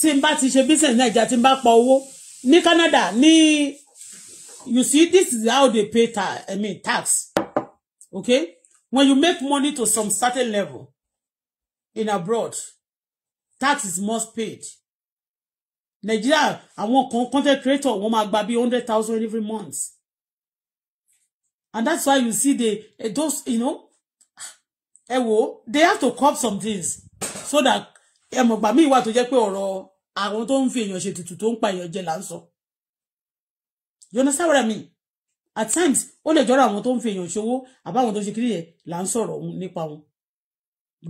tí n bá ti ṣe business naija tí n bá pa owó ní Canada ní you see this is how they pay ta I mean tax okay when you make money to some certain level in abroad tax is must paid Nigeria àwọn kan content creator wọ́n máa gba bí hundred thousand every month and that's why you see the those you know ẹ wo they have to cop some things so that ẹ mọ̀ gbà míì wà tó jẹ́ pé ọ̀rọ̀ àwọn tó ń fi èèyàn ṣe tutù tó ń pa èèyàn jẹ là ń sọ you understand what I mean at times ó lè jọra àwọn tó ń fi èèyàn ṣòwò àbáwọn tó ṣe kiri yẹn là ń sọ̀rọ̀ nípa wọn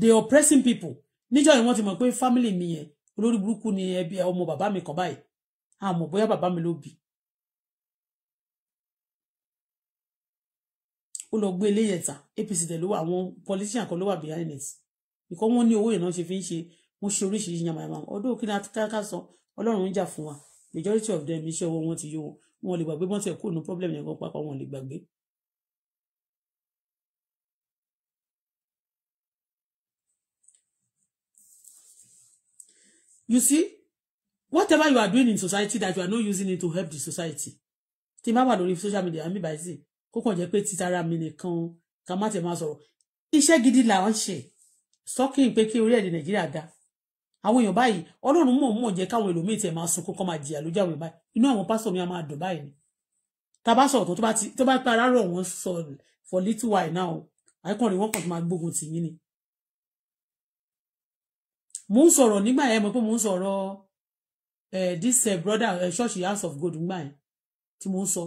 they oppressing people níjọ́ yìí wọ́n ti mọ̀ pé family mi yẹn olórí burúkú ni ẹbí ọmọ bàbá mi kan báyìí àmọ́ bóyá bàbá mi ló bí ó lọ gbé eléyẹta APC tẹ ló wà àwọn politician kan ló wà behind it ìkọ́ wọn ní owó ìran ṣe fi ń ṣe wọ́n ṣe oríṣiríṣi yamayama ọdún òkè náà káká sọ ọlọ́run ń jà fún wa majority of them iṣẹ́ owó wọn ti yó wọn wọn lè gbàgbé bọ́n ti nu problem yẹn kan papọ̀ wọn lè gbàgbé. you see whatever you are doing in society that you are not using it to help the society tí n bá wà lórí social media àmì báyìí sí kó kàn jẹ́ pé títara mi nìkan ká má tẹ̀ máa sọ̀rọ̀ iṣẹ́ gidi là ń ṣe sọ́kìn pé kí orílẹ̀-èdè nàìjíríà dáa àwọn èèyàn báyìí ọlọ́run mọ̀ mọ̀ jẹ́ káwọn èlòmíì tẹ̀ máa sunkún kọ́ máa jìyà lójú àwọn báyìí inú àwọn pásítọ̀ mi á máa dùn báyìí ni tá a bá sọ̀rọ̀ tó bá pa ara rọ̀ wọ́n sọ for little while now àìkọ́rin wọ́n kàn tó máa gbógun tì yín ni. mo ń sọ̀rọ̀ nígbà yẹn mo pé mo ń sọ̀rọ̀ this uh, brother uh, church house of God ngbà yẹn tí mo ń sọ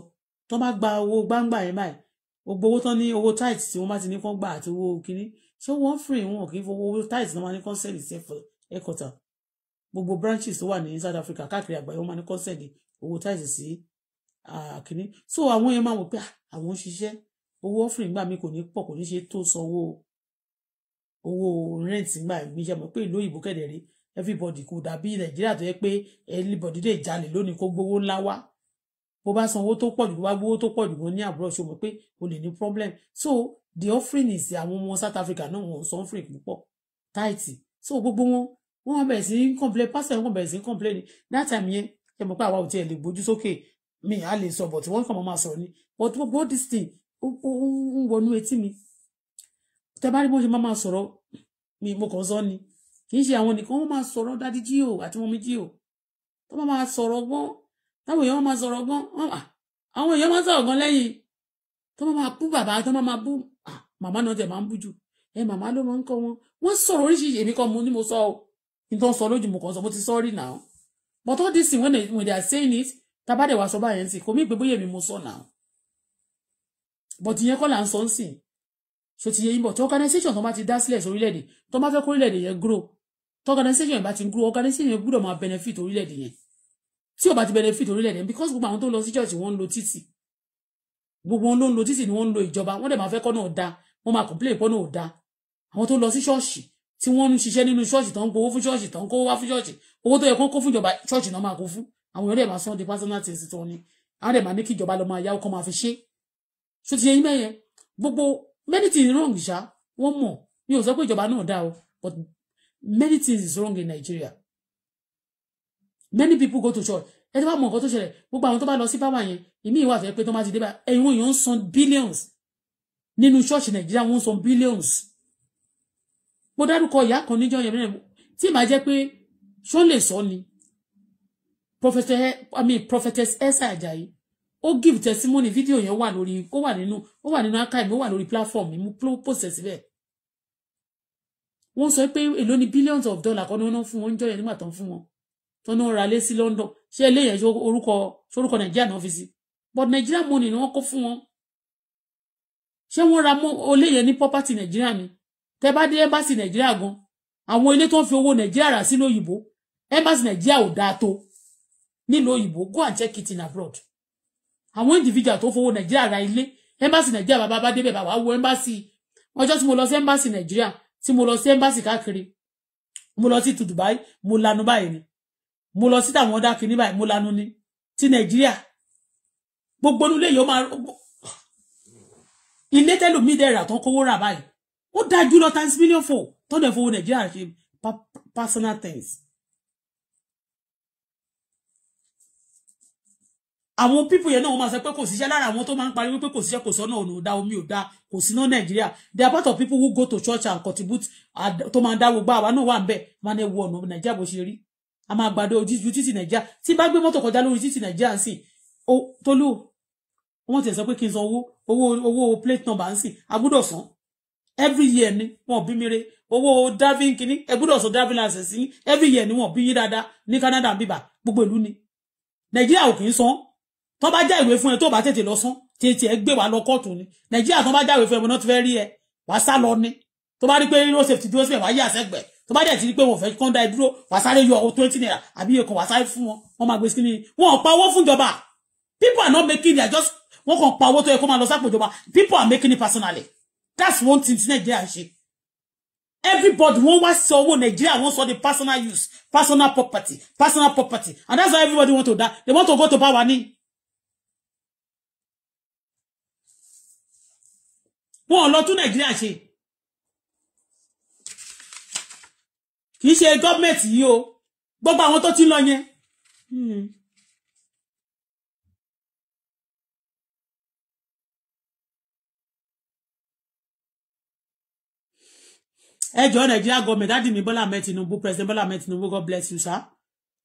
tó bá gba owó gbangba yẹn báyìí gbogbo owó tán ní owó tight tí wọ́n bá ti ní kán gbà àti owó kínní ṣé wọ́n fìrì wọn kì í fowó tight tí wọ́n máa ní kán sẹ́lì sẹ́fọ̀ọ́ ẹ̀kọ́tà gbogbo branches tó wà ní South Africa káàkiri àgbáyé wọ́n máa ní consent owó táìsì sí àkíní so àwọn yẹn máa wò pé àwọn ń ṣiṣẹ́ owó offering gbà mí kò ní pọ̀ kò ní ṣe tó sanwó owó rent gbà mí ṣe mọ̀ pé ìlú òyìnbó kẹ̀dẹ̀ rí everybody kò dàbí Nàìjíríà tó yẹ pé everybody lè jalè lónìí kó gbowó ńlá wá bó bá sanwó tó pọ̀ jù bó bá gbowó tó pọ̀ jù gan ní àbúrò ṣe mọ̀ pé o lè ní problem so the offering is àwọn ọmọ South Africa náà wọ́n sọ offering púpọ̀ tight so gbogbo wọn wọ́n bẹ̀rẹ̀ sí ń complain pásítọ̀ wọ́n bẹ̀rẹ̀ sí ń complain ní that time yẹn ṣe mọ̀ pé àwa ò tiẹ̀ lè gbójú sókè mi à lè sọ but wọ́n kàn mọ́ máa sọ̀rọ̀ ni but gbogbo this thing ó ń wọnú etí mi tẹ bá rí bó ṣe máa sọ̀rọ̀ mi mo kàn sọ ni kì í ṣe àwọn nìkan wọ́n máa sọ̀rọ̀ dádì jí o àti wọn mi jí o tó bá máa sọ̀rọ̀ gan táwọn èèyàn máa sọ̀rọ̀ gan àwọn èèyàn máa sọ̀rọ̀ gan lẹ́yìn tó bá máa bú bàbá tó bá máa bú ah, màmá náà tẹ̀ máa ń bú jù ẹ màmá ló máa ń kọ́ wọn wọ́n sọ̀rọ̀ oríṣiríṣi èmi kan mo ní mo sọ ọ́ nítorí sọ lójú mo kàn sọ mo ti sọ́ọ́rì náà but all this thing when they, when they are saying it tabade wa sọ báyẹn ti kò mí pé bóyá mi mo sọ náà but ìyẹn kọ́ là ń sọ ń sìn so ti yẹ yín bọ̀ tí organisation tó bá ti dá sílẹ̀ sí orílẹ̀-èdè tó bá fẹ́ kó orílẹ̀-èdè yẹn grow tó organisation yẹn bá ti grow organisation yẹn gbúdọ̀ máa benefit orílẹ̀-èdè yẹn tí o bá ti benefit orílẹ̀-èdè yẹn because gbogbo àwọn tó lọ sí church wọ́n ń lo títì gbogbo wọn ló ń lo títì ni wọ́n ń lo ìjọba wọ́n dẹ̀ máa fẹ́ kọ́ náà da wọ́n máa complain pọ́ náà da àwọn tó lọ sí ṣọ́ọ̀ṣì tí wọ́n ń ṣiṣẹ́ nínú ṣọ́ọ̀ṣì tó ń gbowó fún ṣọ́ọ̀ṣì tó ń kówó wá fún ṣọ́ọ̀ṣì owó tó yẹ kó kó fún ìjọba ṣọ́ọ̀ṣì náà máa kó fún àwọn èèyàn dẹ̀ máa sọ di personal things tó ní àwọn dẹ̀ máa ní kí ìjọba lọ máa yáwó kó máa fi ṣe ṣó ti ṣe yín mẹ́yẹn gbogbo many things wrong ṣá wọ́n mọ̀ mi ò sọ pé ìjọba náà dá o but many things is wrong in Nigeria many people go to church ẹ ti bá mọ nǹkan tó ṣẹlẹ̀ gbogbo àwọn tó bá lọ sí báwa yẹn ìmí ìwà fẹ́ pé tó má ti dé bá ẹ̀yin wọn èèyàn ń san billions nínú ṣọ́ọ̀ṣì Nàìjíríà wọ́n ń san billions mo dárúkọ ìyá kan níjọ́ yẹn mẹ́rin tí màá jẹ́ pé ṣó lè sọ ni prophetess Esther Ajayi ó give testimony fídíò yẹn wà lórí ó wà nínú ó wà nínú archive ó wà lórí platform mi mo post síbẹ̀ wọ́n sọ pé èló ni billions of dollars kan ní wọ́n ná fún wọn ń jọ yẹn nígbà tán fún wọn tó ní wọ́n ra lé sí London ṣé eléyẹn orúkọ orúkọ Nàìjíríà náà fi sí but Nàìjíríà money ni wọ́n kó fún wọn ṣé wọ́n ra mọ́ oléyẹn ní property Nàìjíríà ni tẹ bá dé embassy nàìjíríà gan àwọn ilé tó ń fi owó nàìjíríà rà sílùú òyìnbó embassy nàìjíríà ò dáa tó nílùú òyìnbó go and check it in abroad àwọn individual tó fowó nàìjíríà ra ilé embassy nàìjíríà bàbá bá débẹ̀ bàbá wo embassy ọjọ́ tí mo lọ sí embassy nàìjíríà tí mo lọ sí embassy káàkiri mo lọ sí tu Dubai mo lanu báyìí ni mo lọ sí tàwọn ọdá kìíní báyìí mo lanu ni ti nàìjíríà gbogbo ilé yóò máa ilé tẹlòmíì dẹ̀ rà tán kówó rà báyìí ó dájú lọ times million four tọ́dẹ̀ fowó nàìjíríà ṣe personal things. àwọn pípù yẹn náà wọ́n máa sọ pé kò síṣẹ́ lára àwọn tó máa ń pariwo pé kò síṣẹ́ kò sọ́nà ọ̀nà ọ̀dà omi ọ̀dà kò síná nàìjíríà they are part of people who go to church and contribute tó máa ń dá gbogbo àwa náà wà ń bẹ̀ máa ń wo ọ̀nà nàìjíríà bó ṣe rí a máa gbàdo ojú títì nàìjíríà tí bá gbé mọ́tò kọjá lórí títì nàìjíríà ń sìn tó lù wọ́n ti sọ pé kí n san owó owó owó plate number ń sìn a gbọ́dọ̀ san every year ni wọn bi mire owo Davin kini kìíní ẹ gbọ́dọ̀ sọ driving every year ni wọn bi yín dáadáa ní Canada bíbà gbogbo ìlú ni Nàìjíríà ò kì í san tó bá já ìwé fún to ba tete lo son tete tètè ẹ wa lo kóòtù ni Nigeria tó bá já ìwé fún ẹ mo náà ti fẹ́ rí ẹ lo á sá lọ ni tó bá rí pé road safety dúró síbẹ̀ wa á yí àṣẹgbẹ̀ tó bá ti rí pé wọn fẹ́ kán dá ẹ dúró wà á sáré yọ twenty naira àbí iye kan wà á sáré fún wọn wọn máa gbé skinny wọn pa owó fún ìjọba people are not making they are just wọn kàn pa owó tó yẹ kó máa lọ sápò ìjọba people are making it personally that's one thing Nigeria. nàìjíríà everybody wọ́n wá sọ owó nàìjíríà wọ́n sọ the personal use personal property personal property and that's why everybody want to die they want to go to Bawani. ní. wọn ò lọ tún nàìjíríà ṣe kì í ṣe gọ́ọ̀mẹ̀ntì yìí o gbogbo àwọn ẹ Nigeria government dádì mi Bọ́lá Ahmed Tinubu president Bọ́lá Ahmed Tinubu God bless you sir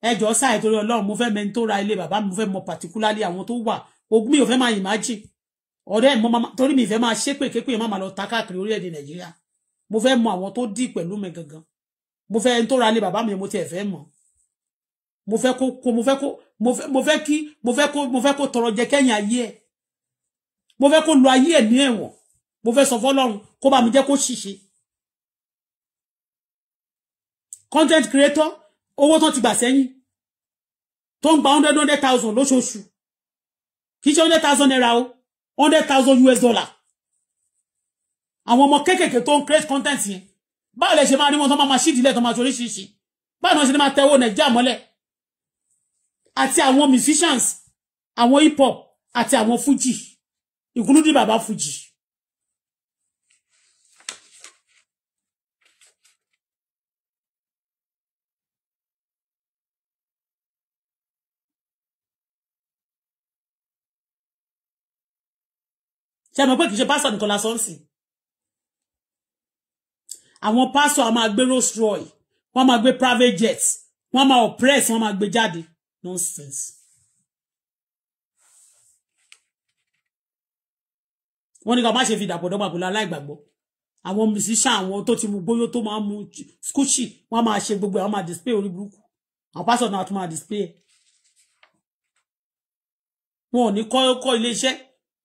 ẹ jọ̀ọ́ sáà ìtorí Ọlọ́run mo fẹ́ mẹni tó ra ilé bàbá mi mo fẹ́ mọ particularly àwọn tó wà ogún mi ò fẹ́ máa imagine ọ̀rẹ́ mo máa torí mi ìfẹ́ máa ṣépè kékeré má máa lọ ta káàkiri orílẹ̀-èdè Nàìjíríà mo fẹ́ mọ àwọn tó dì pẹ̀lú mi gangan mo fẹ́ ẹni tó ra ilé bàbá mi mo tiẹ̀ fẹ́ mọ̀ mo fẹ́ kó kó mo fẹ́ kó mo fẹ́ kí mo fẹ́ kó mo fẹ́ kó tọrọ jẹ kẹ́yìn ayé ẹ̀ mo fẹ́ kó lo ayé ẹ̀ ní ẹ̀wọ̀n mo fẹ́ sọ fọ́lọ́run kó bá mi jẹ́ kó ṣìṣe content creator owó tán ti gbà sẹ́yìn tó ń gba hundred hundred thousand lóṣooṣù kì í hundred thousand naira o hundred thousand US dollar àwọn ọmọ kéékèèké tó ń create content yẹn Ba lè ṣe máa rí wọn tó máa ma ṣídìílẹ̀ tó máa ṣoríṣiríṣi báwo náà ṣe máa tẹwọ́ nàìjíríà mọ́lẹ̀ àti àwọn musicians àwọn hip hop àti àwọn fuji including baba fuji ṣe mọ̀ pé kì í ṣe pásítọ̀ nìkan lásán àwọn pásítọ̀ a máa gbé Rolls Royce wọ́n máa gbé private jet wọ́n máa oppress wọ́n máa gbé jáde nonsense. wọ́n ní ká má ṣe fi dàpọ̀ dọ́gba pẹ̀lú aláìgbàgbọ́ àwọn musician àwọn tó ti mu gbóyó tó máa mu skuchi wọ́n máa ṣe gbogbo àwọn máa display orí burúkú àwọn pásítọ̀ náà tún máa display wọn ò ní kọ́ ilé iṣẹ́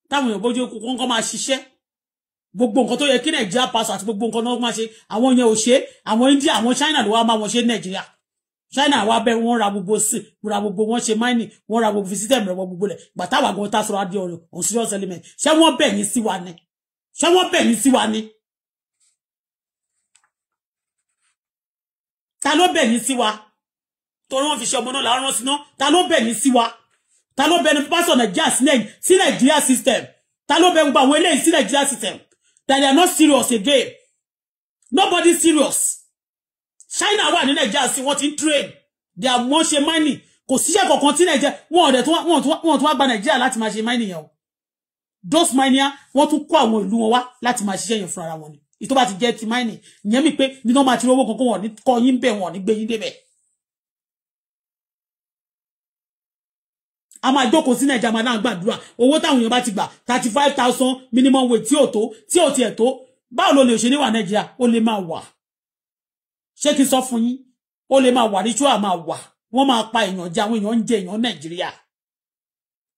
táwọn èèyàn bójú kókó kọ́ máa ṣiṣẹ́ gbogbo nǹkan tó yẹ kí nàìjíríà pass àti gbogbo nǹkan náà máa ṣe àwọn yẹn ò ṣe àwọn india àwọn china ló wá máa wọn ṣe nàìjíríà china wá bẹ wọn ra gbogbo sí ra gbogbo wọn ṣe mining wọn ra gbogbo system rẹ wọn gbogbo rẹ gbàtà wà gan tá adé ọ̀rọ̀ on serious element ṣé wọn bẹ yín sí wa ni ṣé wọn bẹ yín sí wa ni ta ló bẹ yín sí wa torí wọn fi ṣe ọmọ náà làárọ síná ta ló bẹ yín sí wa ta ló bẹnu pásọ nàìjíríà sí nàìjíríà system ta ló bẹnu gba àwọn eléyìí sí nàìjíríà system that they are not serious again nobody serious china wà ní nàìjíríà sí wọ́n ti ń trade they are money. wọ́n ṣe mining kò síṣẹ́ kọ̀ọ̀kan tí nàìjíríà wọn ọ̀dẹ̀ tó wọn tó wá gba nàìjíríà láti máa ṣe mining yẹn o those miner wọ́n tún kó àwọn ìlú wọn wá láti máa ṣiṣẹ́ yẹn fúnra wọn ni ìtọ́ bá ti jẹ́ ti mining ìyẹn mi pé nínú máa ti rówó kankan wọn ní kọ́ yín bẹ̀ wọn ní gbé yín débẹ̀. a máa jókòó sí nàìjíríà máa náà gbàdúrà owó táwọn èèyàn bá ti gbà thirty five thousand minimum wage tí to tó tí ò tiẹ̀ tó báwo lo lè ṣe níwà nàìjíríà ó lè máa wà ṣé kí n sọ fún yín ó lè máa wà ritual máa wà wọ́n máa pa èèyàn jẹ àwọn èèyàn ń jẹ èèyàn nàìjíríà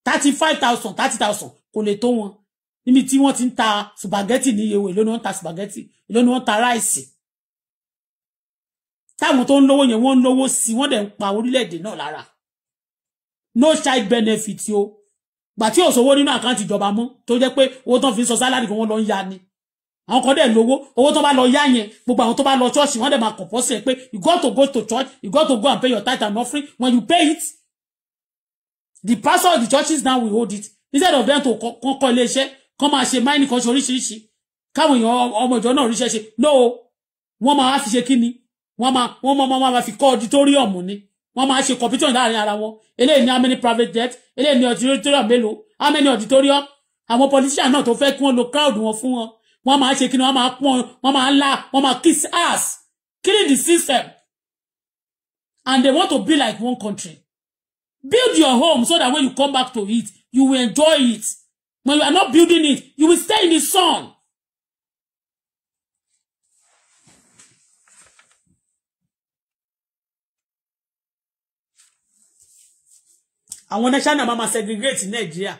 thirty five thousand thirty thousand kò lè tó wọn níbi tí wọ́n ti ń ta spaghetti ní iyewo èló ni wọ́n ń ta spaghetti èló ni wọ́n ń ta ráìsì táwọn tó ń lówó yẹn wọ́n ń lówó sí wọ́n pa orílẹ̀-èdè náà no child benefit o gbà tí ò sówó nínú account ìjọba mọ́ tó jẹ́ pé owó tán fi ń sọ sálárì kan wọ́n lọ ni àwọn kan dẹ̀ lówó owó tó bá lọ yá yẹn gbogbo àwọn tó bá lọ church wọ́n dẹ̀ máa kọ̀ fọ́sẹ̀ pé you got to go to church you got to go and pay your tithe and offering when you pay it the pastor of the churches now will hold it instead of them to kọ́ kọ́ iléeṣẹ́ kọ́ máa ṣe máìnì kan ṣe oríṣiríṣi káwọn èèyàn ọmọ ìjọ náà ríṣẹ́ ṣe no wọ́n máa fi ṣe kí ni wọ́n máa wọ́n máa fi kọ́ auditorium ni wọ́n máa ṣe competition láàrin ara wọn eléyìí ní how private jet eléyìí ní auditorium mélòó how auditorium àwọn politician náà tó fẹ́ kí wọ́n lo crowd wọn fún wọn wọ́n máa ṣe kíni wọ́n máa pọ́n wọ́n máa la wọ́n máa kiss ass killing the system and they want to be like one country build your home so that when you come back to it you will enjoy it when you are not building it you will stay in the sun àwọn national máa máa segregate nàìjíríà.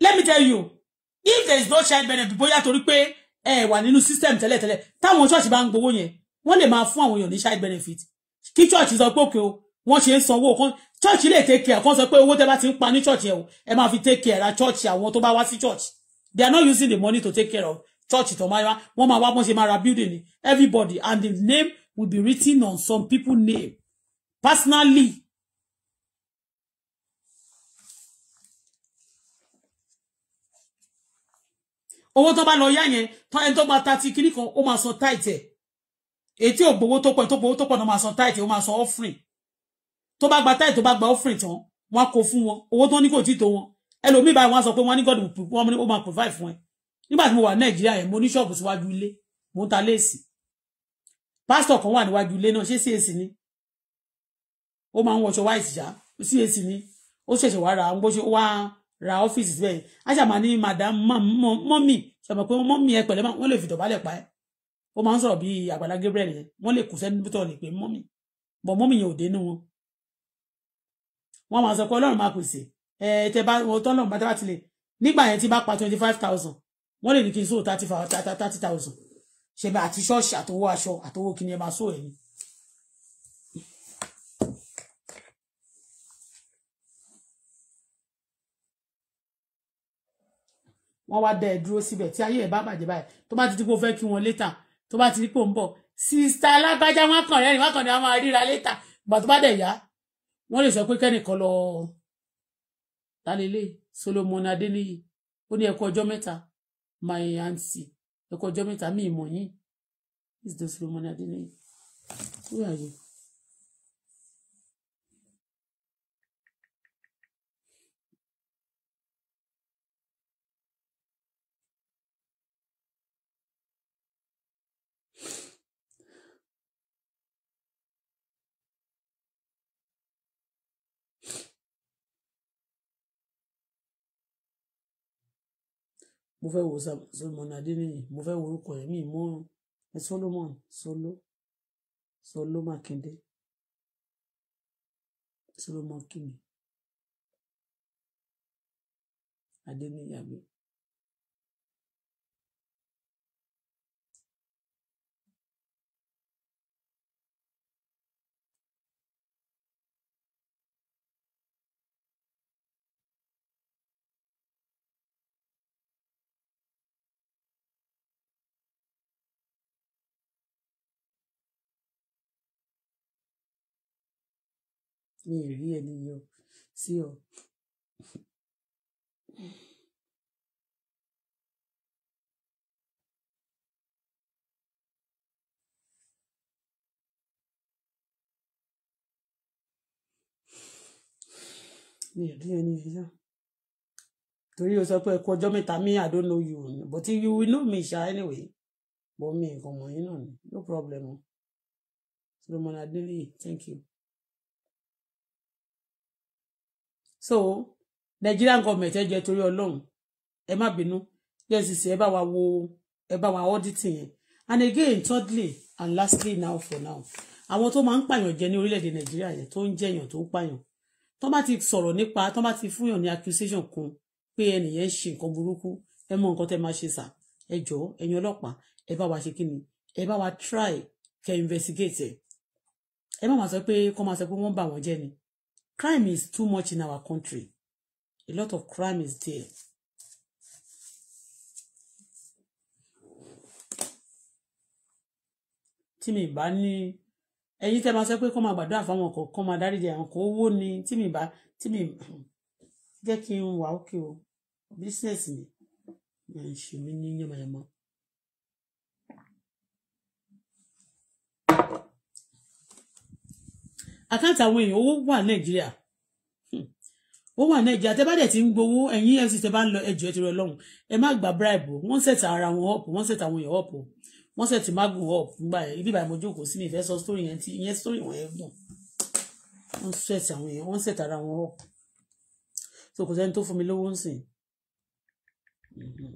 let me tell you if there is no child benefit bóyá torí pé ẹ wà nínú system tẹ́lẹ̀tẹ́lẹ̀ táwọn church bá ń gbowó yẹn wọ́n lè máa fún àwọn èèyàn ní child benefit kí church sọ pé òkè o wọ́n ṣe ń sanwó kan church lè take care kan sọ pé owó tẹ́ bá ti ń pa ní church yẹn o ẹ máa fi take care ra church àwọn tó bá wá sí church they are not using the money to take care of church tó máa wá wọ́n máa wá bọ́n ṣe máa ra building ni everybody and the name will be written on some people name personally. owó tó bá lọ yá yẹn tó ẹni tó bá ta ti kiri kan ó máa san tight ẹ̀ èyí tí ò gbowó tó pọ̀ tó gbowó tó pọ̀ náà máa san tight ẹ̀ ó máa san offering tó bá gba tithe tó bá gba offering tán wọ́n kó fún wọn owó tó ní kò tí tó wọn ẹlòmíì báyìí wọ́n sọ pé wọ́n ní god wọ́n ní ó máa provide fún ẹ nígbà tí mo wà nàìjíríà yẹn mo ní ṣọ́ọ̀bù síwájú ilé mo ń ta léèsì pásítọ̀ kan wà níwájú ilé náà ṣé CAC ni ó máa ń wọṣọ white ṣá CAC ni ó ṣẹ̀ṣẹ̀ wá ra bó ṣe wá ra ọ́fíìsì síbẹ̀ aṣàmà ní madam mọ́mì ṣàmọ̀ pé mọ́mì ẹ pẹ̀lẹ́ wọ́n lè fìdọ̀bálẹ̀ pa ẹ́ ó máa ń sọ̀rọ̀ bí Àgbàlá Gabriel yẹn wọ́n lè kù sẹ́ni tó lè pé mọ́mì bọ̀ mọ́mì yẹn ò dénú wọn wọ́n máa sọ pé ọlọ́run máa pèsè ẹ tẹ bá wọn tọ́ lọ́run bá tẹ́ bá tilẹ̀ nígbà yẹn tí bá pa twenty five thousand wọ́n lè ní kí n sóò thirty five thirty thousand ṣẹbẹ àti ṣọ́ọ̀ṣì àtowó aṣọ àtowó kí ni ẹ máa sóò ẹ̀ ni. wọ́n wá dá ẹ dúró síbẹ̀ tí ayé ẹ̀ bá bàjẹ́ báyìí tó bá ti di pé ó fẹ́ kí wọn létà tó bá ti di pé ó ń bọ̀ sista alágbájá wọn kàn rẹ́rìn wọn kàn ní wọn máa létà ìgbà yá wọ́n lè sọ pé kẹ́nìkan lọ tálélẹ̀ Solomon Adéníyì ó ní ẹkọ ọjọ́ mẹ́ta my aunty ẹkọ ọjọ́ mẹ́ta mi ìmọ̀ yín is the Solomon Adéníyì wúrà yìí. mo fẹ́ wo Solomon Adeniyi mo fẹ́ wo orúkọ yẹn mi mú Solomon Solo Solo Makinde Solomon kini Adeniyi àbí. mi ì rí ẹni yọ sí ọ. mi ò rí ẹni yọ torí o sọ pé ẹkú ọjọ́ mẹ́ta mi I don't know you but you will know me ṣá anyway but mi nǹkan mọ̀ yín náà ni no problem o Solomon Adeleye thank you. so Nigerian government ẹ jẹ́ torí Ọlọ́run ẹ má bínú jẹ́sìsì ẹ bá wa wo ẹ bá wa auditing yẹn and again thirdly and lastly now for now àwọn tó máa ń pààyàn jẹ ní orílẹ̀-èdè Nàìjíríà yẹn tó ń jẹyàn tó ń pààyàn tó bá ti sọ̀rọ̀ nípa tó bá ti fúnyàn ní accusation kan pé ẹnìyẹn ṣe nǹkan burúkú ẹ mọ nǹkan tẹ máa ṣe sà ẹ jọ ẹ̀yin ọlọ́pàá ẹ bá wa ṣe kí ni ẹ bá wa try kẹ investigate ẹ ẹ má máa sọ pé kọ́ máa sọ pé wọ́n bà wọ́n jẹ́ ni crime is too much in our country a lot of crime is there. tí mi bá ní ẹ̀yin tẹ́ máa sọ pé kó máa gbàdúrà fáwọn kan kó máa dáríjì àwọn kan owó ni tí mi bá tí mi jẹ́ kí n wà ókè o business mi máa ń ṣe mí ní yànmọ̀yànmọ̀ àkáǹtì àwọn èèyàn owó wà nàìjíríà hmm. ó wà nàìjíríà tẹ bá dẹ̀ ti ń gbowó ẹ̀yìn efcc tẹ bá ń lọ ẹjọ́ ẹtì rẹ lọ́hùn ẹ má gba bribe wọ́n sẹ̀tà ara wọn up wọ́n sẹ̀tà àwọn èèyàn up wọ́n sẹ̀tì magun up nígbà yẹn ibi ìbàmọ̀ jókòó sí mi ìfẹ́ sọ story yẹn ti ìyẹn story wọn yẹn gùn wọ́n sẹ̀tì àwọn èèyàn wọ́n sẹ̀tà ara wọn up so kò sẹ́ni tó fún mi lówó ń sìn. Hmm.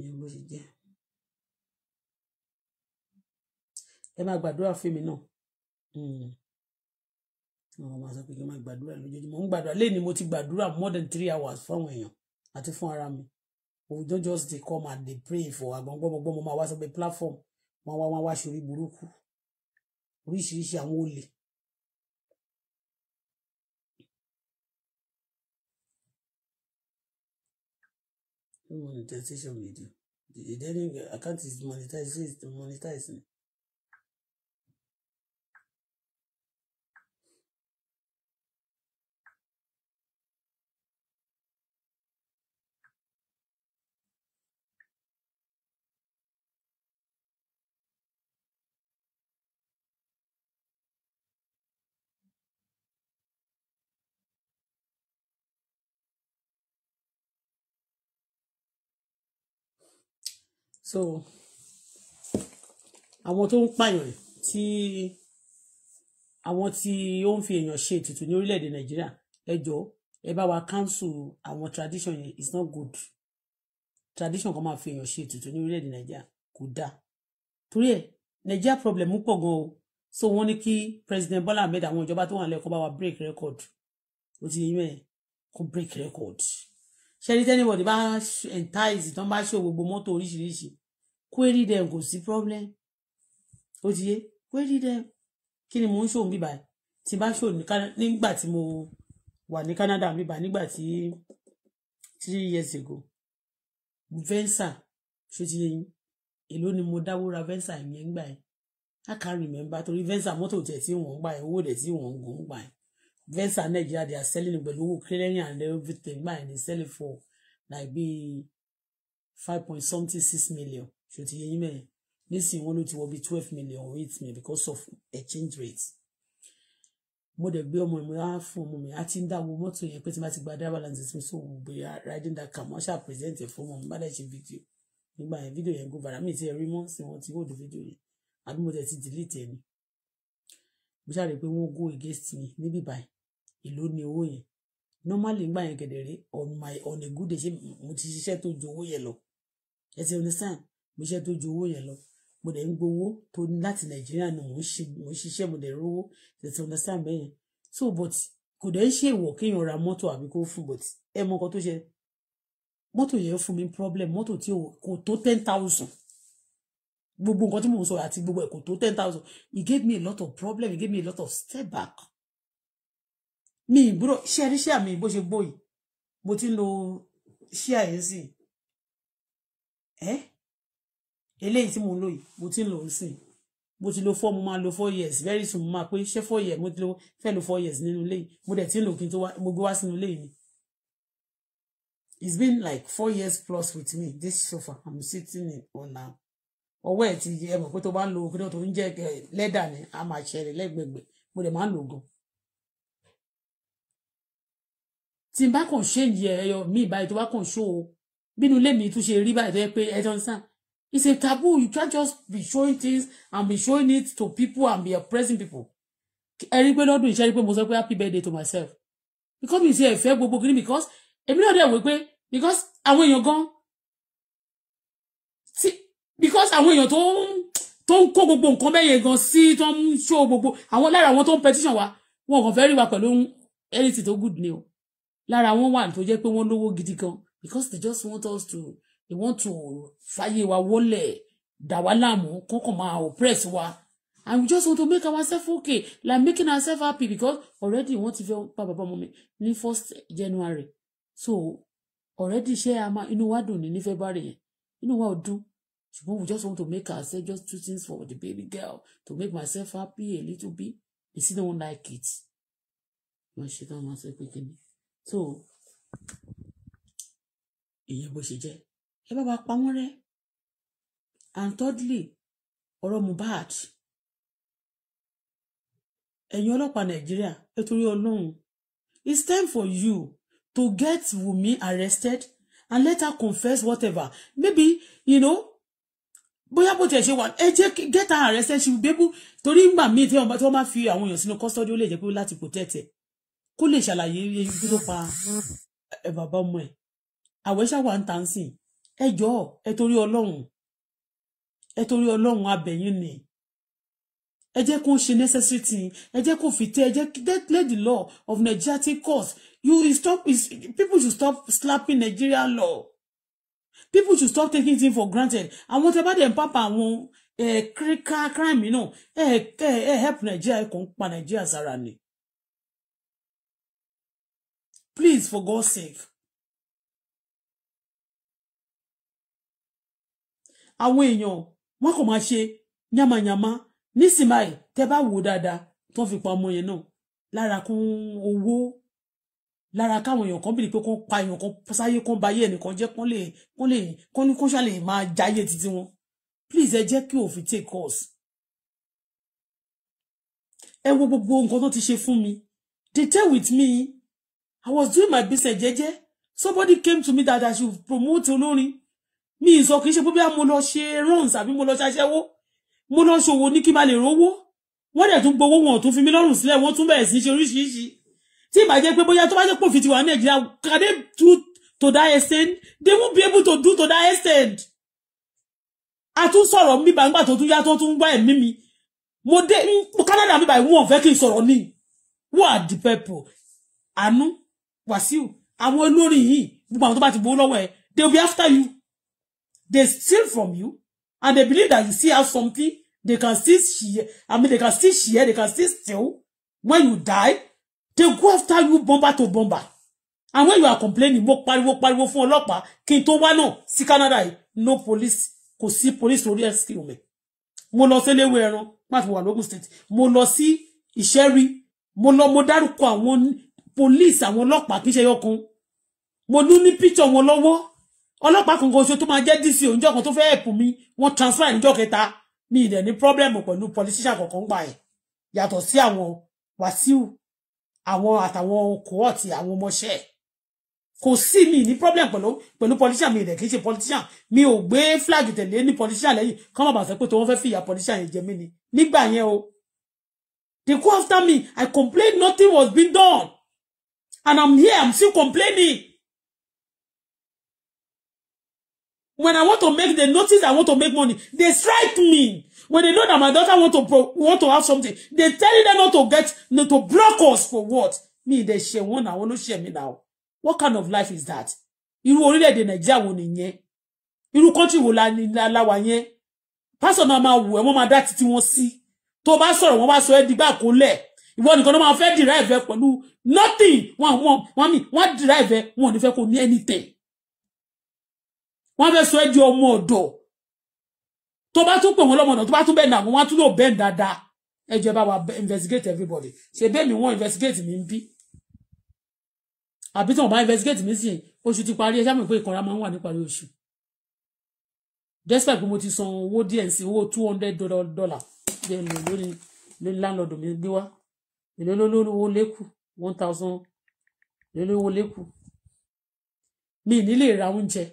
ìyẹn bó ṣe jẹ́. ẹ máa gbàdúrà fún mi náà hmm. àwọn ọmọ sọ pé kí n máa gbàdúrà lójoojúmọ́ ń gbàdúrà lẹ́ni mo ti gbàdúrà more than three hours fáwọn èèyàn àti fún ara mi we don't just dey come and dey pray for agbọ̀ngbọ̀ngbọ̀n máa wá sọ pé platform wọn wá wọn wá ṣorí burúkú oríṣiríṣi àwọn olè monetization video. The, the, the account is monetized. It's monetized. so àwọn tó ń pààyàn tí àwọn tí ó ń fi èèyàn ṣe ètùtù ní orílẹ̀-èdè nàìjíríà ẹ jọ̀ọ́ ẹ bá wa council àwọn tradition yẹn is not good tradition kan máa fi èèyàn ṣe ètùtù ní orílẹ̀-èdè nàìjíríà kò dáa torí ẹ̀ nàìjíríà problem pọ̀ gan o so wọ́n ní kí president bola ahmed àwọn ìjọba tó wà lẹ́kọ̀ọ́ bá wa break record ó ti yín mẹ́ẹ̀ kó break record ṣẹ́rí tẹ́nibọ̀dì bá entice tán bá ṣe gbogbo mọ́tò oríṣiríṣi query dem kò sí problem ó ti yé query dem kí ni mò ń ṣòwò bíbà tí bá ṣòwò nígbà tí mo wà ní Canada bíbà nígbà tí three years ago venza ṣó ti yé yín èló ni mo dáwó ra venza yẹn gbà yẹn i can remember torí venza mọ́tò tẹ̀ tí wọ́n gbà yẹn owó dẹ̀ tí wọ́n gùn gbà yẹn Venza Nigeria they are selling but owó clearing and everything gbà ní selling for like be five point something six million Should ti yẹ yín mẹ́rin nísìnyí wọn will be wọ twelve million or eight million because of exchange rate mo dẹ̀ gbé ọmọ mi á fún ọmọ mi á ti ń dáwọ́ mọ́tò yẹn pé tí bá ti gba driver license mi sóhun gbé riding that commercial presented ṣáà my ẹ̀ fún ọmọ My video dẹ̀ go viral mi ti rí mọ́ sí wọn ti hold fídíò yẹn àbí mo dẹ̀ ti delete ẹ̀ ni mo ṣáà rí i pé go against mi níbí báyìí ìlú ní owó yẹn normally ń gbà yẹn kedere on my on a good day ṣe mo ti ṣiṣẹ́ tó ju owó yẹn lọ ẹ ti understand mo ṣiṣẹ́ tó ju owó yẹn lọ mo dẹ̀ ń gbowó tó láti nàìjíríà ni mo ń ṣiṣẹ́ mo dẹ̀ rówó ẹ ti understand bẹ́ẹ̀ yẹn so but kò dẹ̀ ń ṣe ìwọ̀ kéèyàn ra mọ́tò àbí kó fún but ẹ mọ nǹkan tó ṣe mọ́tò yẹn fún mi problem mọ́tò tí kò tó ten thousand gbogbo nǹkan tí mo sọ àti gbogbo ẹ̀ kò tó ten thousand it gave me a lot of problem it gave me a lot of step back mi ìbúrò ṣé rí ṣé àmì bó ṣe gbó yìí mo ti ń lo ṣé àyẹ̀sìn ẹ eléyìí tí mo ń lò yìí mo ti ń lò ó sìn mo ti lo four mo máa lo four years very soon mo máa pé ṣé four years mo ti lo fẹ́ lo four years nínú ilé yìí mo dẹ̀ ti ń lò kí n tó wá mo gbé wá sínú ilé yìí ni it's been like four years plus with me this sofa i'm sitting on now ọwọ́ ẹ̀ ti ẹ mọ̀ pé tó bá ń lo kí náà tó ń jẹ́ lẹ́dà ni a máa ṣẹlẹ̀ lẹ́gbẹ̀gbẹ̀ mo dẹ̀ máa ń lò gan-an tí n bá kàn change ẹyọ mi ìbáyìí tó bá kàn ṣó o bínú ilé mi tún ṣe rí báyìí tó yẹ pé ẹ sàn it's a taboo you can't just be showing things and be showing it to people and be oppressing people ẹ rí pé lọ́dún ìṣẹ́ rí pé mo sọ pé happy birthday to myself because mi ṣe ẹ̀fẹ́ gbogbo kiri because èmi náà dẹ̀ wí pé because àwọn èèyàn gan sí because àwọn èèyàn tó ń tó ń kó gbogbo nǹkan bẹ́ẹ̀ yẹn gan sí tó ń ṣó gbogbo àwọn lára àwọn tó ń petition wa wọn kàn fẹ́ rí wa pẹ̀lú anything tó good ni o lára wọn wà tó jẹ́ pé wọ́n lówó gidi gan because they just want us to they want to fàyè wa wọlé dà wá láàmú kọ́kàn máa oppress wa and we just want to make ourselves okay like making ourselves happy because already wọ́n ti fẹ́ pa bàbá ọmọ mi ní first January so already ṣé a máa inú wa dùn ní ní February yẹn inú wa ò dùn ṣùgbọ́n we just want to make ourselves just two things for the baby girl to make myself happy a little bit they still don't like it. wọ́n ṣe ká máa sọ pé kí ni so ìyẹn bó ṣe jẹ́ ẹ bá wa pa wọ́n rẹ́ and thirdly ọ̀rọ̀ Mohbad ẹ̀yin ọlọ́pàá Nàìjíríà ẹ torí Ọlọ́run it's time for you to get Wumi arrested and let her confess whatever maybe you know bóyá bó tiẹ̀ ṣe wà ẹ jẹ́ get her arrested she will be able torí ngbà míì tí wọ́n bá fi àwọn èèyàn sínú custody ó lè jẹ́ pé láti protect ẹ̀ kó lè ṣàlàyé ibi tó pa bàbá ọmọ ẹ̀ àwẹ̀ ṣàwà ń tàn sí ẹ jọ ẹ torí ọlọ́run ẹ torí ọlọ́run abẹ̀yìn ni ẹ jẹ́ kó ṣe necessary thing ẹ jẹ́ kó fi tẹ́ ẹ jẹ́ let the law of Nigeria take course you stop people should stop slapping Nigeria law people should stop taking things for granted àwọn tẹ bá dẹ̀ ń pápá àwọn ẹ̀ẹ́dẹ́gbẹ̀rún eh, crime náà ẹ̀ẹ́ eh, eh, help Nigeria ẹ̀ kò ń pa Nigeria sára ni. Please, for God's sake. Àwọn èèyàn wọn kò máa ṣe yàmàyàmá nísìnyí tẹ́ bá wò dáadáa tó fi pa ọmọ yẹn náà lára kún owó lára káwọn èèyàn kan bìrì pé kó pa èèyàn kan sáyé kó ba ayé ẹnìkan jẹ́ kó lè kó lè kó ní kó ṣàlè máa jayé títí wọn please ẹ jẹ́ kí òfin take us ẹ wo gbogbo nǹkan tó ti ṣe fún mi they tell with me I was doing my business jẹ́jẹ́ somebody came to me that I should promote olórin mi ìsọ kì í ṣe pé bí mo lọ ṣe runs àbí mo lọ ṣaṣẹ́wó mo lọ ṣòwò ní kí n má lè rówó wọ́n dẹ̀ tún gbowó wọn tún fi mí lọ́rùn sílẹ̀ wọ́n tún bẹ̀rẹ̀ sí ṣe oríṣiríṣi tí ìbá jẹ́ pé bóyá tó bá jẹ́ pòfin tiwa Nàìjíríà can they do to that extent they won't be able to do to that extent a tún sọ̀rọ̀ mi gbàgbà tó tún yá tó tún gbá ẹ̀mí mi mo dé Canada mi báyìí wọn ò fẹ́ kí n sọ̀rọ̀ ní wọ́n àdìpẹ́pọ̀ Wàsíù àwọn olórin yìí gbogbo àwọn tó bá ti gbowó lọ́wọ́ ẹ̀ they will be after you they steal from you and they believe that you still have something they can still share I mean they can still share they can still steal when you die they go after you bomber to bomber and when you are complaining mo pariwo pariwo fún ọlọ́pàá kí n tó wá náà sí Canada yìí no police kò sí police lórí ẹ̀sìn mi mo lọ sí eléwé ẹran má fi wà lógún state mo lọ sí ìṣẹ́rí mo lọ mo dárúkọ àwọn police àwọn ọlọ́pàá kì í ṣe yọkan mo ní ní píṣọ wọn lọ́wọ́ ọlọ́pàá kankan oṣù tó máa jẹ́ dc òǹjọ́ kan tó fẹ́ ẹ̀pù mi wọ́n transfer níjọ́ kẹta mi ìdẹ̀ ní problem pẹ̀lú politician kankan gbà ẹ̀ yàtọ̀ sí àwọn wàsíù àwọn àtàwọn kòọ́ọ̀tì àwọn ọmọọṣẹ́ ẹ̀ kò sí mi ní problem pẹ̀lú pẹ̀lú politician mi ìdẹ̀ kì í ṣe politician mi ò gbé flag tẹ̀lé ní politician lẹ́yìn kọ́ mọ̀ bàtà pé tó wọ́n fẹ́ fìyà politician yẹn jẹ mí ni nígbà yẹn o they go after me I complain nothing was being done And I'm here, I'm still complaining. When I want to make the notice, I want to make money. They strike me. When they know that my daughter want to want to have something, they tell them not to get, not to block us for what? Me, they share one, I want to share me now. What kind of life is that? Irú already èdè Nàìjíríà wo nìyẹn? Irú country wo la ni la wa yẹn? Pastor náà máa wù ẹ́, wọ́n máa dá títí wọn sí. Tó bá sọ̀rọ̀, wọ́n bá sọ ìwọ nìkan ló máa fẹ́ derive ẹ pẹ̀lú nothing wọn wọn wọn mi wọn derive ẹ wọn ò ní fẹ́ kó ní anything wọn fẹ́ sọ ẹ di ọmọ ọ̀dọ̀ tó bá tún pè wọn lọ́mọ ọ̀dọ̀ tó bá tún bẹ́ẹ̀ nà wọn tún lò bẹ́ẹ̀ dáadáa ẹ jẹ́ wa investigate everybody ṣe bẹ́ẹ̀ mi wọ́n investigate mi ń bí àbí tí wọn investigate mi sí oṣù ti parí ẹ ṣáà mi pé ìkanra máa ń wà níparí oṣù despite pé mo ti san owó díẹ̀ sí owó two hundred dollar lórí lórí landlord mi gbé wá èló lólówó lẹ́kù one thousand èló lólówó mi ní lè ra oúnjẹ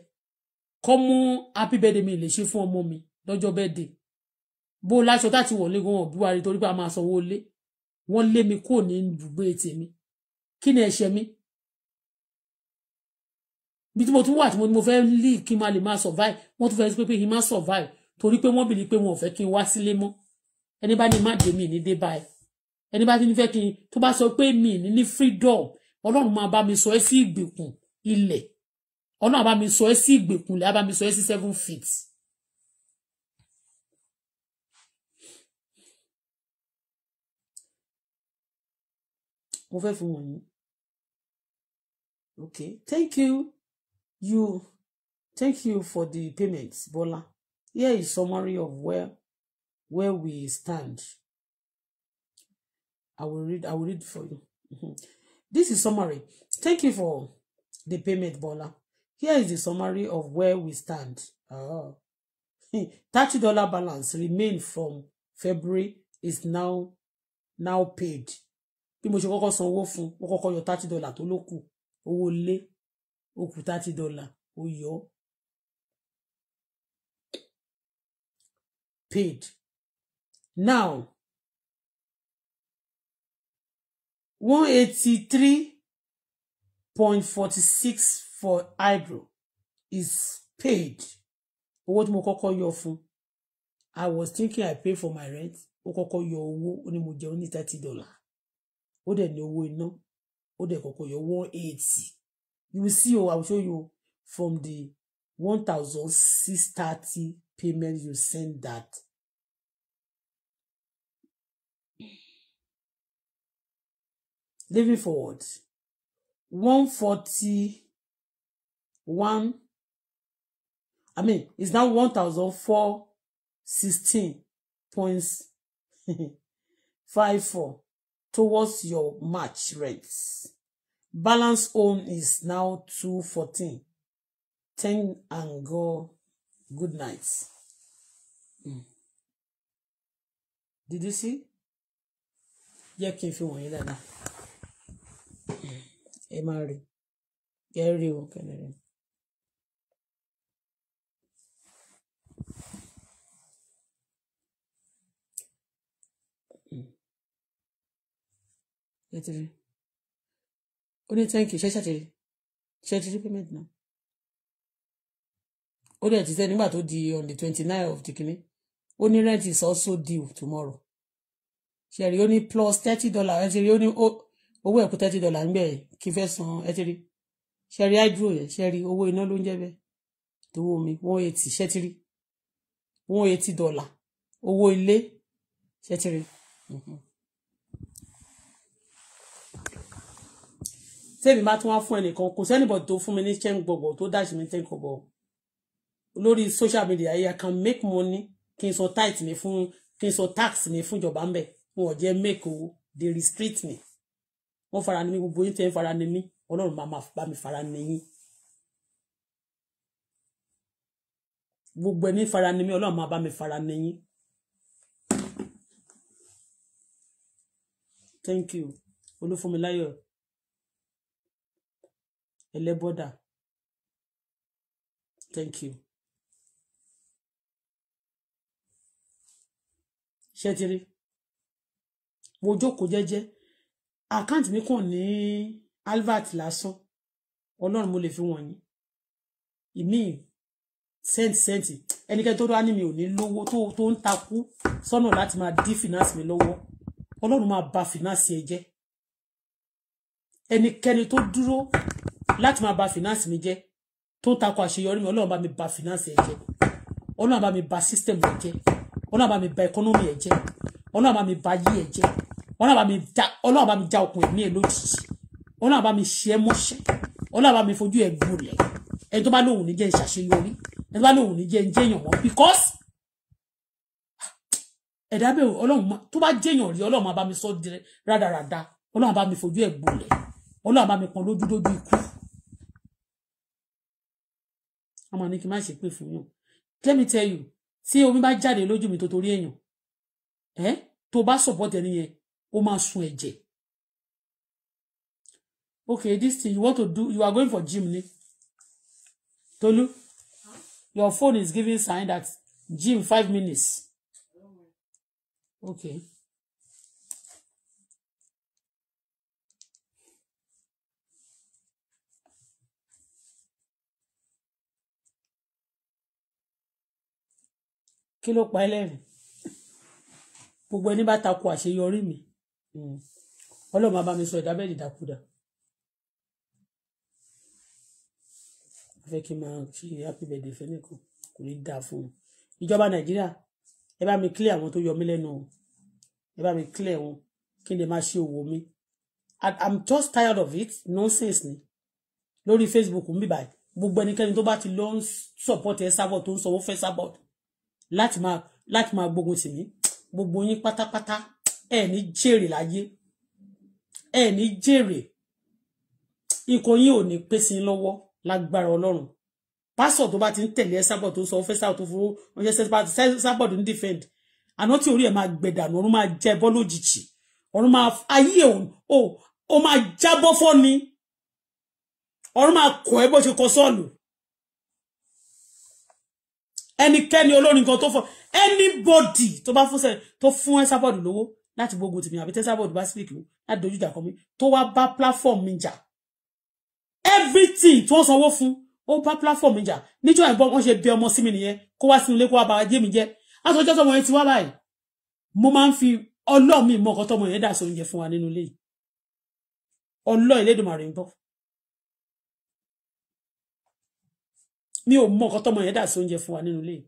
kọ́ mú happy birthday mi lè ṣe fún ọmọ mi lọ́jọ́ birthday bó láṣọ tá ti wọlé gan wọn buhari torí pé a máa sanwó lé wọ́n lé mi kúrò ní ibùgbé tèmi kí ni ẹ̀ṣẹ̀ mi bí tí mo tún wà tí mo fẹ́ lì kí n máa lè máa survive wọ́n tún fẹ́ sí pé kí n máa survive torí pé wọ́n bìlí pé wọn ò fẹ́ kí n wá sílé mọ́ ẹni bá ní má dé mi ní dé báyìí ẹni bá ti ní fẹ́ kí n tó bá sọ pé mi ní freedom ọlọ́run máa bá mi sọ ẹ́ sí ìgbèkùn ilẹ̀ ọlọ́run á bá mi sọ ẹ́ sí ìgbèkùn ilẹ̀ á bá mi sọ ẹ́ sí seven feet. mo fẹ́ fún wọn yìí okay thank you you thank you for the payment Bola here is summary of where where we stand I will read. I will read for you. Mm-hmm. This is summary. Thank you for the payment, Bola. Here is the summary of where we stand. Oh. Thirty dollar balance remain from February is now now paid. Bí mo ṣe kọ́kọ́ san owó fún, mo kọ́kọ́ yọ thirty dollar tó ló kù, owó lé, ó kù thirty dollar, ó yọ. Paid. Now, one eighty three point forty six for eyebrow is paid owó tí mo kọ́kọ́ yọ fún I was thinking I pay for my rent ó kọ́kọ́ yọ owó ó ní mo jẹ ó ní thirty dollar ó dẹ̀ ní owó iná ó dẹ̀ kọ́kọ́ yọ one eighty you will see o oh, I will show you from the one thousand six thirty payment you send that living forward one forty one i mean it's now one thousand four sixteen points five four towards your match rates balance own is now two fourteen ten and go good night mm. did you see jẹ́ kí n fi wọ̀nyí dáadáa. Ẹ máa rí, ẹ rí o kẹ́lẹ́ rí. Ẹ ti rí. Ó ní thank you, ṣe ti rí? Ṣé payment náà? Ó dẹ̀ ti sẹ́ nígbà tó di on the twenty nine of the kìíní. Ó ní rent is also due tomorrow. Ṣé rí? Ó ní plus thirty dollar. Ẹ ti rí. Ó ní ó owó ẹ̀kú thirty dollar ń bẹ̀ kí fẹ́ san ẹtírí ṣẹ́rí hydro yẹn ṣẹ́rí owó iná ló ń jẹ́ bẹ́ẹ̀ tówó omi one eighty ṣẹ́tírí one eighty dollar owó ilé ṣẹ́tírí. tẹ́mi mhm. bá tún wá fún ẹnìkan kò sẹ́nìbọ̀ tó fún mi ní ten gbọ̀gbọ̀ tó dáṣì mi ten gbọ̀gbọ̀ lórí social media yìí I make money kí n san tight mi fún kí n san tax mi fún ìjọba ń bẹ̀ wọn ò jẹ́ make owó they restrict me wọ́n fara ni mí gbogbo yín tẹ́ ń fara ni mí ọlọ́run máa bá mi fara ni yín gbogbo ẹni fara ni mí ọlọ́run máa bá mi fara ni yín thank you olúfúnmiláyọ̀ ẹlẹ́bọ́dà thank you. ṣẹ́tiri mo jókòó jẹ́jẹ́ àkáǹtì mi kàn ní albert lásán ọlọ́run mo lè fi wọ̀nyí ìmí sẹ́ǹtì sẹ́ǹtì ẹnikẹ́ni tó rá ní mi ò ní lówó tó ń takú sọ́nà láti máa dí finance mi lọ́wọ́ ọlọ́run máa ba finance ẹ jẹ́ ẹnikẹ́ni tó dúró láti máa ba finance mi jẹ́ tó ń takò àṣeyọrí mi ọlọ́run bá mi ba finance ẹ jẹ́ ọlọ́run bá mi ba system ẹ jẹ́ ọlọ́run bá mi ba economy ẹ jẹ́ ọlọ́run bá mi ba yí ẹ jẹ́ ọlọ́run mi já okùn ẹ̀mí ẹ̀ lójijì ọlọ́run mi ṣe é mọ́ṣẹ́ ọlọ́run mi fojú ẹ̀ gbolẹ̀ ẹni tó bá lóhùn ní jẹ́ ìṣàṣeyọrí ẹni tó bá lóhùn ní jẹ́ ń jẹ́yàn because ẹ̀dá bẹ́ẹ̀ ọlọ́run tó bá jẹ́yàn rí ọlọ́run bá mi sọ rádaràda ọlọ́run bá mi fojú ẹ̀ gbolẹ̀ ọlọ́run bá mi pọn lójú lójú ikú ọmọ ní kí n má ṣe pé fún yàn let me tell you tí omi bá jáde lójú mi tó torí èèyàn ẹ tó bá support ẹni yẹn ó máa sun ẹ̀jẹ̀ okay this thing you want to do you are going for gym ni Tolu your phone is giving sign that gym five minutes okay. kí ló pa ẹlẹ́rìn gbogbo ẹni bá takò àṣeyọrí mi Hmm. ọlọ́run máa bá mi sọ ìdábẹ́ ìdàkudà a fẹ́ kí n máa ṣe happy birthday fẹ́nìkan kò ní dáa fún un ìjọba nàìjíríà ẹ bá mi clear àwọn tó yọ mí lẹ́nu ẹ bá mi clear wọn kí n lè máa ṣe òwò mi i'm just tired of it nonsense ni lórí facebook ń bíbáyìí gbogbo ẹnikẹ́ni tó bá ti lọ ń support ẹ sábọ̀ tó ń sanwó fẹ́ sábọ̀ láti máa láti máa gbógun tì mí gbogbo yín pátápátá ẹ ní jèrè láyé ẹ ní jèrè ikọ̀ yín ò ní pèsè lọ́wọ́ lágbára ọlọ́run pásọ̀ tó bá ti ń tẹ̀lé sábọ̀ tó sọ fẹ́sà tó fowó ọjọ́ sábọ̀ tó ń defend àná tí orí ẹ̀ máa gbẹ̀dànù ọ̀run máa jẹ́ bọ́ lójijì ọ̀run máa ayé ò ó máa jábọ́ fọ́ ni ọ̀run máa kọ̀ ẹ́ bó ṣe kọ sọ́ọ̀lù ẹnikẹ́ni olórin kan tó fọ anybody tó bá fún ẹ sábọ̀dù lówó láti gbógun tì mí àbí tẹ́sàbọ̀dù bá sílìkì mú láti dojú ìjà kọ mi tó wá bá platform mi jà everything tí wọ́n sanwó fún ó bá platform mi jà níjọ́ ìbọn wọ́n ṣe bí ọmọ sí mi nìyẹn kó wá sínú ilé kó wá bá jé mi jẹ́ aṣojú ọmọ yẹn ti wá báyìí mo máa ń fi ọlọ́ọ̀ mi mọ ọkọ tọmọ yẹn dà sí oúnjẹ fún wa nínú ilé yìí ọlọ́ọ̀ ìlédùnmarè ń bọ̀ mi ò mọ ọkọ tọmọ yẹn dà sí oúnjẹ fún wa nínú ilé yìí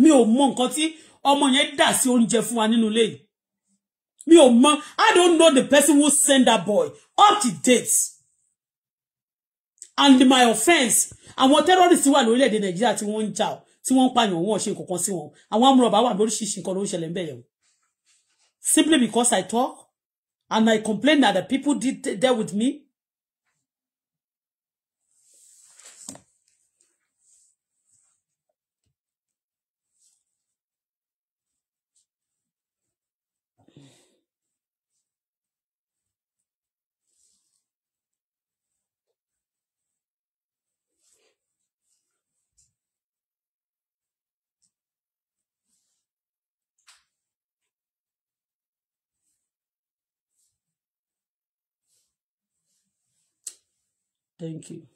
mi ò mọ nǹkan tí ọmọ yẹn dà sí oúnjẹ fún wa nínú ilé mi ò mọ I don't know the person who send that boy up to date and my offence àwọn terrorists wà lórílẹ̀‐èdè Nàìjíríà tí wọ́n ń jà ọ́ tí wọ́n ń pààyàn wọn ṣe nǹkan sí wọn àwọn amúrọ̀bá wà lóríṣiríṣi nǹkan ló ń ṣẹlẹ̀ ń bẹ̀yẹ̀ wọn simply because I talk and I complain that the people did there with me Thank you.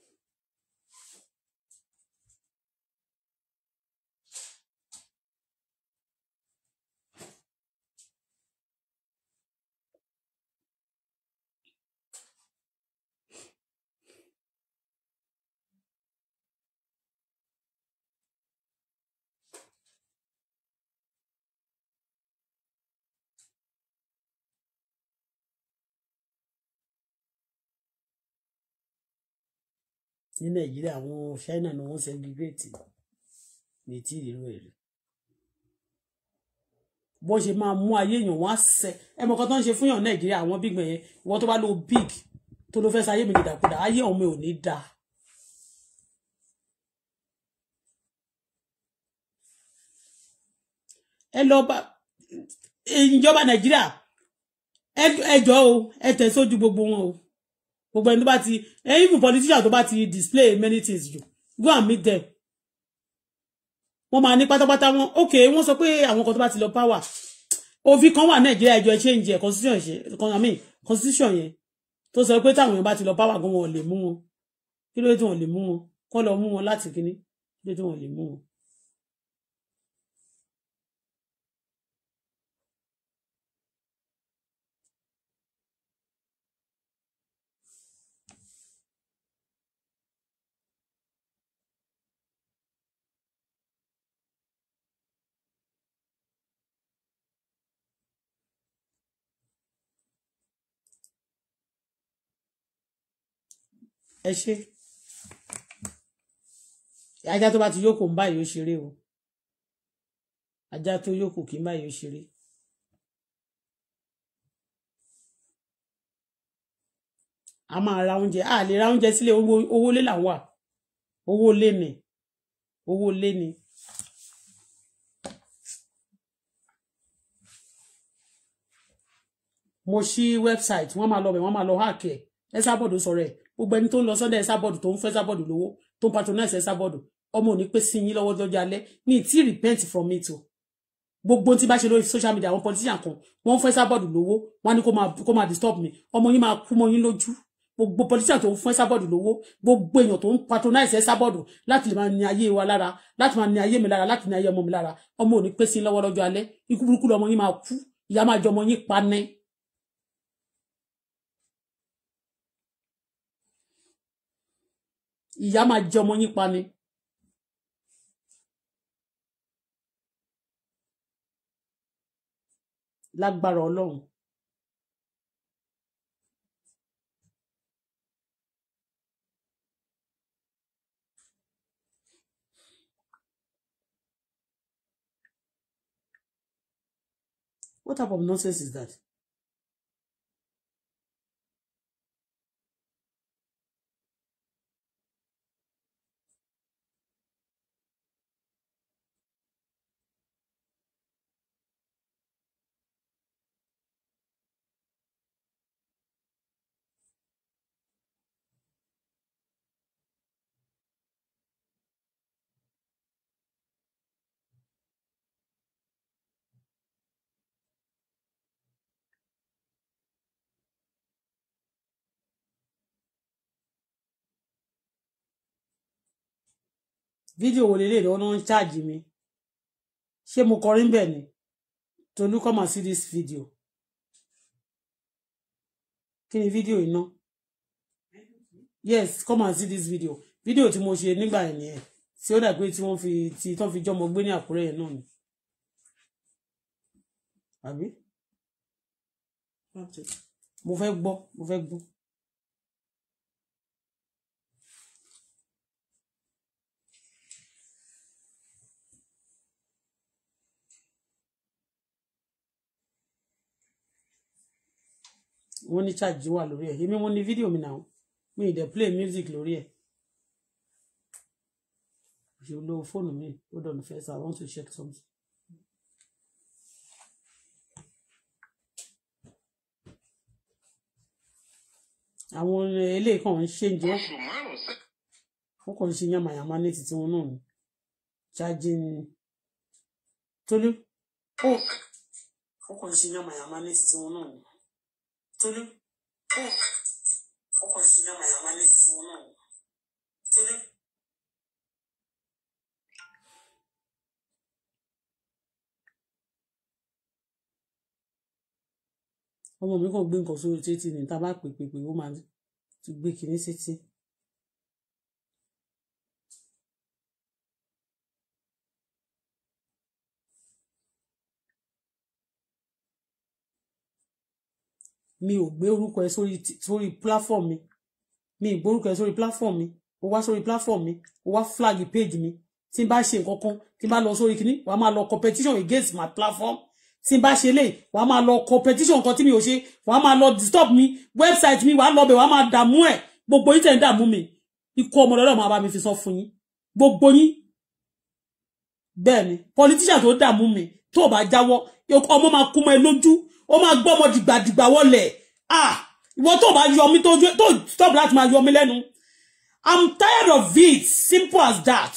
ní nàìjíríà àwọn china ni wọ́n segregate ní tí ìrírú èrè bó ṣe máa mú ayé èèyàn wá sẹ ẹ mọ kan tó ń ṣe fún yàn nàìjíríà àwọn big man yẹn wọn tó bá lo big tó ló fẹ́ sa ayé mi dìdàkudà ayé ọmọ ò ní dáa. ẹ lọ bá ìjọba nàìjíríà ẹ jọ o ẹ tẹ̀ sójú gbogbo wọn o gbogbo ẹni tó bá ti eh, even politician tó bá ti display many things jù go and meet them wọ́n máa ní pátápátá wọn ok wọ́n sọ pé àwọn kan tó bá ti lọ power òfin kan wà nàìjíríà ìjọ change ẹ̀ constitution ṣe i mean constitution yẹn tó sọ pé táwọn èèyàn bá ti lọ power gan wọn ò lè mú wọn kí ló dé tí wọn ò lè mú wọn kọ́ lọ mú wọn láti kíní kí ló dé tí wọn lè mú wọn ẹ ṣe ajá tó bá ti yókù ń báyìí ó ṣeré o ajá tó yókù kì í báyìí ó ṣeré. a máa ra oúnjẹ a lè ra oúnjẹ sílé owó lé là wà owó lé ni owó lé ni. mo ṣí website wọ́n máa lọ bẹ̀ wọ́n máa lọ háàkì ẹ̀ ẹ sábọ̀dọ̀ sọ̀rọ̀ ẹ̀ gbogbo ẹni tó ń lọ sọ́dọ̀ ẹ̀ sábọ̀dù tó ń fẹ́ sábọ̀dù lówó tó ń patronize ẹ̀ sábọ̀dù ọmọ ò ní pé sí yín lọ́wọ́ lọ́jọ́ alẹ́ ní ti repent from it o gbogbo tí bá ṣe lórí social media àwọn politician kan wọ́n fẹ́ sábọ̀dù lówó wọ́n á ní kó máa disturb mi ọmọ yín máa kú mọ́ yín lójú gbogbo politician tó ń fún sábọ̀dù lówó gbogbo èèyàn tó ń patronize sábọ̀dù láti lè máa ní ayé wa lára láti máa ní ayé mi lára láti ní ayé ọmọ mi lára ọmọ ò ní pé sí lọ́wọ́ lọ́jọ́ alẹ́ ikú burúkú lọmọ yín máa kú ìyá máa jọ ọmọ yín pa ní ìyá máa jẹ ọmọ yín pa ni. lágbára ọlọ́run. What type of nonsense is that? fídíò wo lélẹ́yìí lọ́wọ́ náà ń ṣáàjì mi ṣé mo kọrin bẹ́ẹ̀ ni Tolu come and see this video kí ni fídíò iná yes come and see this video fídíò tí mo ṣe nígbà yẹn nìyẹn tí ó dàgbé tí wọ́n fi tí tán fi jọmọ gbé ní Àkúrẹ́ yẹn náà ni àbí mo fẹ́ gbọ́ mo fẹ́ gbọ́. wọ́n ní charge wà lórí ẹ̀ èmi mo ní fídíò mi náà mi ì play music lórí ẹ̀ you know phone me hold on first i want to check something àwọn eléyìí kan ń ṣe ǹjẹ́ wọ́n kàn ń ṣe yàmàyàmà ní títí wọn náà ni charging Tolú ó oh! wọ́n kàn ń ṣe yàmàyàmà ní títí wọn náà ni torí coke ọkọ̀ ṣe ní àmàlàwà ní fún ọ náà torí. ọmọ mi kò gbé nǹkan sórí títì ní tá a bá pè pè pé ó máa ti gbé kinní sétí. mi ò gbé orúkọ ẹ sórí platform mi mi ì gbórúkọ ẹ sórí platform mi ó wá sórí platform mi ó wá flag page mi tí n bá ṣe nǹkan kan tí n bá lọ sórí kinní wàá máa lọ competition against my platform tí n bá ṣe lè wàá máa lọ competition kan tí mi ò ṣe wàá máa lọ disturb mi website mi wàá lọ bẹ̀ wàá máa dààmú ẹ̀ gbogbo yín tẹ̀ ń dààmú mi ikú ọmọ lọ́dọ̀ máa bá mi fi san fún yín gbogbo yín bẹ́ẹ̀ ni politician tó dààmú mi tó o bá jáwọ́ ọmọ máa kú mọ́ ẹ lójú ó máa gbọ́ ọmọ dìgbàdìgbà wọlé ah ìwọ tó o bá yọ mí tó tó stop láti máa yọ mí lẹ́nu i'm tired of it simple as that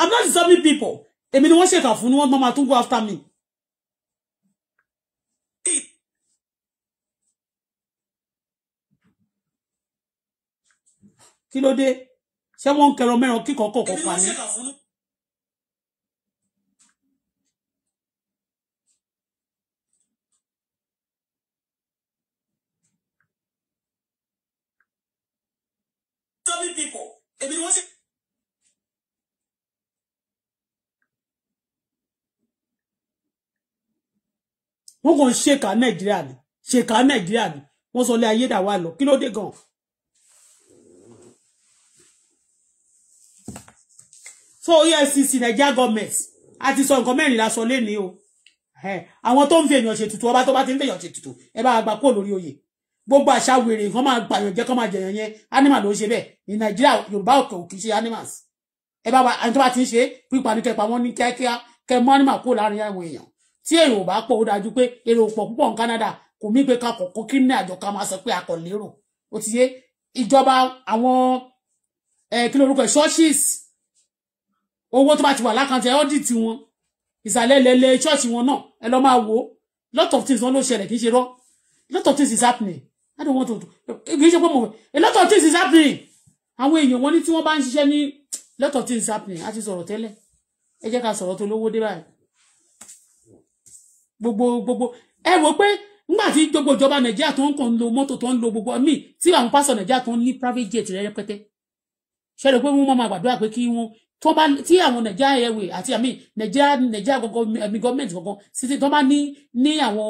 i'm not disturbing people èmi ni wọ́n ṣèkà fún ni wọ́n máa tún go after me. kí ló dé ṣé wọ́n ń kẹrọ mẹ́ràn kíkọ́ kọ̀ọ̀kan pa ni. wọ́n ṣe. wọ́n kàn ṣèkà nàìjíríà ni ṣèkà nàìjíríà ni wọ́n sọ lé ayé dà wà lọ kí ló dé gan. so efcc nigeria goment a ti sọ nǹkan mẹ́rin la sọ lé ní o àwọn tó ń fi èèyàn ṣètùtù ọba tó bá ti ń fi èèyàn ṣètùtù ẹ bá gbà kúrò lórí oyè gbogbo àṣà wèrè kan máa gbàyàn jẹ́ kán máa jẹ̀yàn yẹn animal ló ń ṣe bẹ́ẹ̀ ní nàìjíríà yorùbá òkè òkè ṣe animals ẹ bá wa ẹni tó bá ti ń ṣe pípa ní kẹpa wọn ní kíákíá kẹ mọ animal kó láàrin àwọn èèyàn tí èrò bá pọ̀ ó dájú pé èrò pọ̀ púpọ̀ ní Canada kò mí pé kakọ̀ kó kí ní àjọ ká máa sọ pé akọ̀ lérò ó ti yé ìjọba àwọn kí ló lórúkọ churches owó tó bá ti wà lákàntì audit wọn ìsàlẹ̀ lẹ́lẹ́ church wọn náà ẹ lọ́ máa wò lot of things wọn ló ṣẹlẹ̀ kì í ṣe rọ́ lot of things is happening I don't want to eh, kì í ṣe pé mo a lot of things is happening àwọn èèyàn wọn ní tí wọ́n bá ń ṣiṣẹ́ ní lot of things happening a ti sọ̀rọ̀ tẹ́lẹ̀ ẹ jẹ́ ká sọ̀rọ̀ tó lówó dé báyìí gbogbo gbogbo ẹ wò pé nígbà tí gbogbo ìjọba nàìjíríà tó ń kàn ń lo mọ́tò tó ń lo gbogbo míì tí àwọn pásọ nàìjíríà tó ń ní private jet rẹ rẹpẹtẹ ṣe rẹ pé wọ́n máa gbàdúrà pé kí wọ́n tó bá tí àwọn nàìjíríà airway àti àmì nàìjíríà nàìjíríà gbogbo ẹmí gọọmenti gbogbo títí tó bá ní ní àwọn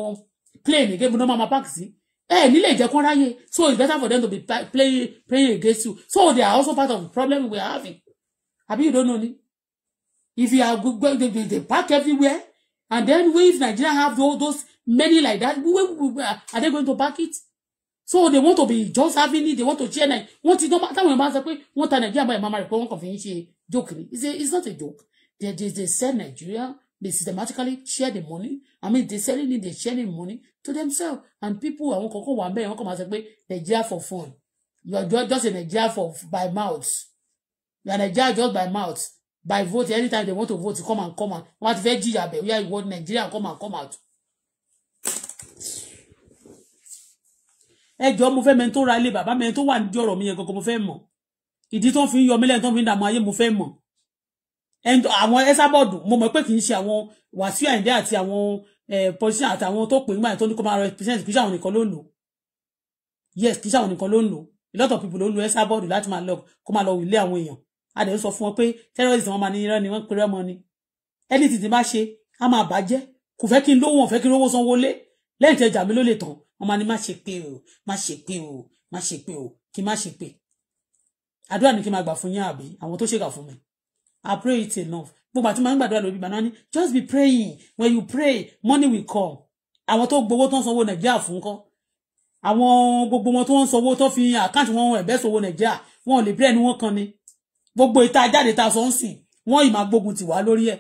plane gẹ́gẹ́ bí wọ́n máa máa pààkì sí ẹ eh, nílẹ̀ ìjẹ́ kán ráyè so it's better for them to be playing playing against you so they are also part of the problem we are having àbí you don't know ni if you are go they, they, they park everywhere and then we if Nigeria have all those many like that where, where are they going to park it so they want to be just having it they want to share like wọ́n ti dọ́gba táwọn èèyàn sọ pé wọ́n ta Nigeria báyìí mama report pé wọ́n kàn fi ń ṣe joke ni it's a it's not a joke they they they sell Nigeria they systematically share the money I mean they selling it they sharing money to themselves and people àwọn kọ̀ọ̀kan wà bẹ́ẹ̀ wọ́n kàn máa sọ pé Nigeria for fun you are just a Nigeria for by mouth you are Nigeria just by mouth by vote anytime they want to vote come and come out wọ́n á ti fẹ́ jìyà bẹ̀ wíyá ìwọ Nigeria come and come out. ẹ jọ mo fẹ́ mẹ́ni tó ra ilé bàbá mẹ́ni tó wà nídìí ọ̀rọ̀ mi yẹn kankan mo fẹ́ mọ̀ ìdí tó ń fi yọ mí lẹ́yìn tó ń fi dààmú ayé mo fẹ́ mọ̀ àwọn ẹ̀sà bọ́ọ̀dù mo mọ̀ pé kì í ṣe àwọn Wàsíù Àyìndé àti àwọn position àtàwọn tó pè ń gbà tó ní kó máa represent kì í ṣàwọn nìkan ló lò yes kì í ṣàwọn nìkan ló lò a lot of people ló ń lo ẹ́sà bọ́ọ̀dù láti máa lọ kó máa lọ wílé àwọn èèyàn a dẹ̀ ń sọ fún wọn pé terrorism wọn máa ní irọ́ ni wọ́n pèrè ọmọ ni ẹni tìtì bá ṣe á máa bàjẹ́ kò fẹ́ kí n lówó fẹ́ kí n lówó sanwó lé lẹ́yìn tẹ́jà mi ló lè tàn wọ́n máa ní má ṣe pé o má ṣe pé o má ṣe pé o kí má ṣe pé àdúrà ni kí n máa gbà fún yín àbí àwọn tó ṣèkà fún mi I pray it enough gbogbo àti máa ń gbàdúrà lórí ìbànú just be praying when you pray money will come àwọn tó gbowó tó ń sanwó nàìjíríà fún kọ́ àwọn gbogbo wọn tó ń sanwó tó fi àkáǹtì wọn ẹ̀bẹ́ sanwó nàìjíríà wọn ò lè bẹ́ẹ̀ ni wọ́n kan ni gbogbo ìta jáde ta sọ ń sìn wọ́n ì máa gbógun tì wá lórí ẹ̀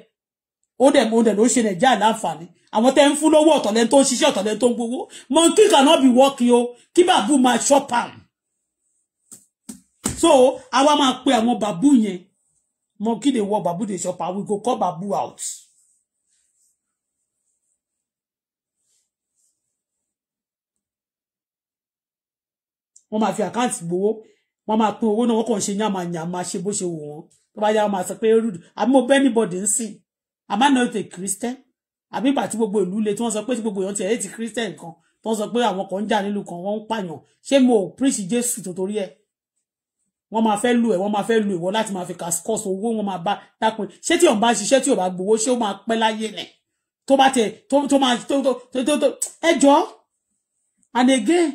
ó dẹ̀ mo dẹ̀ ló ṣe nàìjíríà láǹfààní àwọn tẹ́ ń fún lówó ọ̀tọ̀lẹ́ tó ń ṣiṣẹ́ ọ̀tọ̀lẹ́ tó ń gbowó monkey cannot be working o kí bàbú máa ṣọ́pàm so àwa máa pe àwọn bàbú yẹn monkey dey work babu dey chop and we go call babu out wọ́n máa fi àkáǹtì gbowó wọ́n máa pín owó náà wọ́n kàn ṣe yàmà yàmà ṣe bó ṣe wù wọ́n tó bá yá wọ́n máa sọ pé rude àbí mo bẹ́ anybody ń sìn am I not a Christian àbí ìgbà tí gbogbo ìlú le tí wọ́n sọ pé tí gbogbo èèyàn ti ẹ̀ ti Christian kan tó ń sọ pé àwọn kan ń jà nílùú kan wọ́n ń pààyàn ṣé mo preach Jésù tó torí ẹ̀ wọ́n máa fẹ́ lù ẹ́ wọ́n máa fẹ́ lù ìwọ láti máa fi kàṣkọ́sọ owó wọ́n máa bá dákun ṣé tí ò ń bá ṣiṣẹ́ tí ò bá gbowó ṣé ó máa pẹ́ láyé nẹ̀ tó bá tẹ̀ tó tó máa tó tó tó tó ẹ jọ and again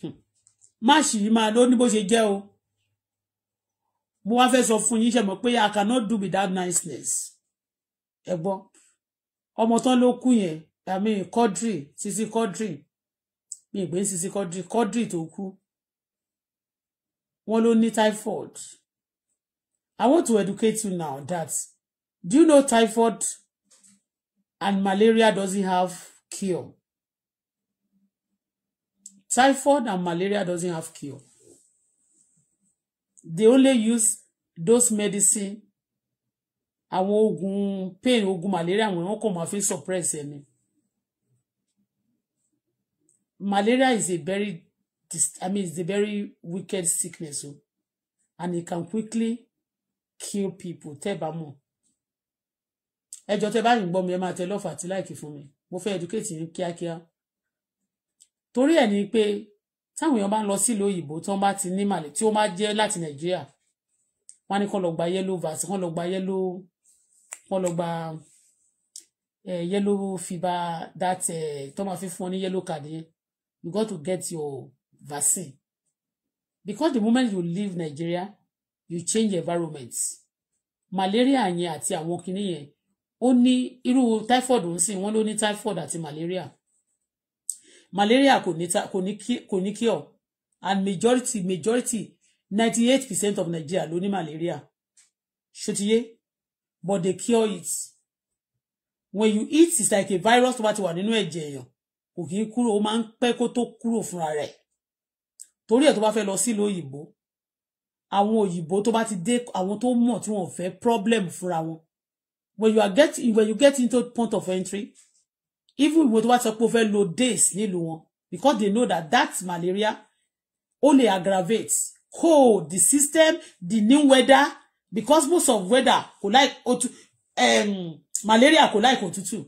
hmm. máàṣì yìí máa ló ní bó ṣe jẹ́ o mo wá fẹ́ sọ fún yín ṣe mọ̀ pé I cannot do without niceness ẹ gbọ́ ọmọ tán ló kú yẹn I mean Quadri Sisi Quadri mi ìgbé Sisi Quadri Quadri tó kú wọ́n ló ní typhoid I want to educate you now that do you know typhoid and malaria doesn't have cure typhoid and malaria doesn't have cure they only use those medicine àwọn oògùn pain oògùn malaria wọn wọn kò máa fi suppress ẹni malaria is a very I mean, it's a very wicked sickness, o, oh. and it can quickly kill people. Tẹ́ bá mọ̀. Ẹ jọ̀ọ́ tẹ́ bá ń gbọ́ mi, ẹ máa love àti like fún mi. Mo fẹ́ educate kia. kíákíá. Torí ẹ̀ ni pé táwọn èèyàn bá ń lọ sílùú òyìnbó tí wọ́n bá ti ní màlẹ̀ tí ó máa jẹ́ láti Nàìjíríà. yellow vaccine, kán lọ yellow, kán lọ uh, yellow fever that uh, eh, Thomas máa fi yellow card You got to get your vaccine because the moment you leave Nigeria you change environment malaria yẹn àti àwọn kinní yẹn ó ní irú typhoid ń sìn wọ́n ló ní typhoid àti malaria malaria kò ní kò ní kò ní cure and majority majority ninety eight percent of Nigeria ló ní malaria ṣòtiyé but they cure it when you eat it's like a virus tó bá ti wà nínú ẹ̀jẹ̀ èèyàn kò kí ń kúrò ó máa ń pẹ́ kó tó kúrò fúnra rẹ̀ torí ẹ̀ tó bá fẹ́ lọ sílùú òyìnbó àwọn òyìnbó tó bá ti dé àwọn tó mọ̀ tí wọ́n fẹ́ problem fúnra wọn when you are get when you get into point of entry even ìwé tó bá sọ pé o fẹ́ lo days nílùú wọn because they know that that malaria only lè aggravate cold the system the new weather because most of weather kò like otu um, malaria kò like òtútù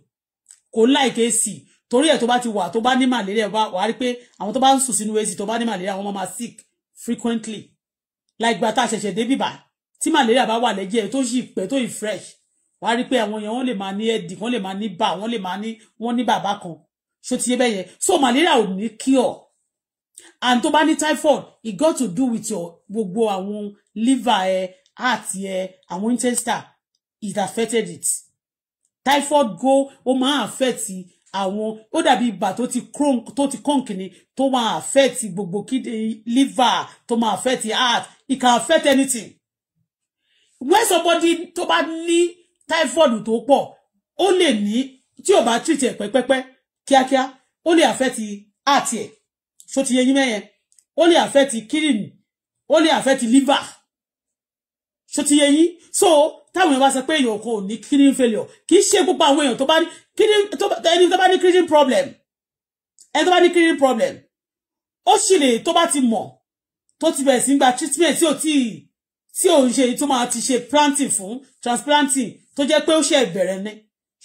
kò like AC torí ẹ̀ tó bá ti wà tó bá ní malaria bá wà á rí pé àwọn tó bá ń sùn sínú èsì tó bá ní malaria àwọn máa sick frequently like gbàtà ṣẹ̀ṣẹ̀ dé bìbà tí malaria bá wà lẹ́jẹ̀ tó sì pẹ́ tó ì fresh wà á rí pé àwọn èèyàn wọ́n lè máa ní ẹ̀dì wọ́n lè máa ní bà wọ́n lè máa ní wọ́n ní bàbá kan ṣó ti yé bẹ́yẹn so malaria ò ní cure and tó bá ní typhoid it got to do with your gbogbo àwọn liver ẹ heart ẹ àwọn intestine it affected it typhoid go ó máa affect àwọn ó dàbí ibà tó ti kronk tó ti kronk ni tó máa affect gbogbo kidney liver tó máa affect heart it can affect anything when somebody tó bá ní typhoid tó pọ̀ ó lè ní tí ò bá treat ẹ̀ pẹ́pẹ́pẹ́ kíákíá ó lè affect heart ẹ̀ so ti yẹ yín mẹ́yẹn ó lè affect kidney ó lè affect liver so ti yẹ so táwọn èèyàn bá sọ pé èèyàn kò ní kidney failure kì í ṣe gbogbo àwọn èèyàn tó bá ní kidney ẹni tó bá ní kidney problem ẹni tó bá ní kidney problem ó sì lè tó bá ti mọ̀ tó ti bẹ̀rẹ̀ sí gba treatment tí ò tí tí ò ń ṣe tó máa ti ṣe planting fún transplanting tó jẹ́ pé ó ṣe ìbẹ̀rẹ̀ ní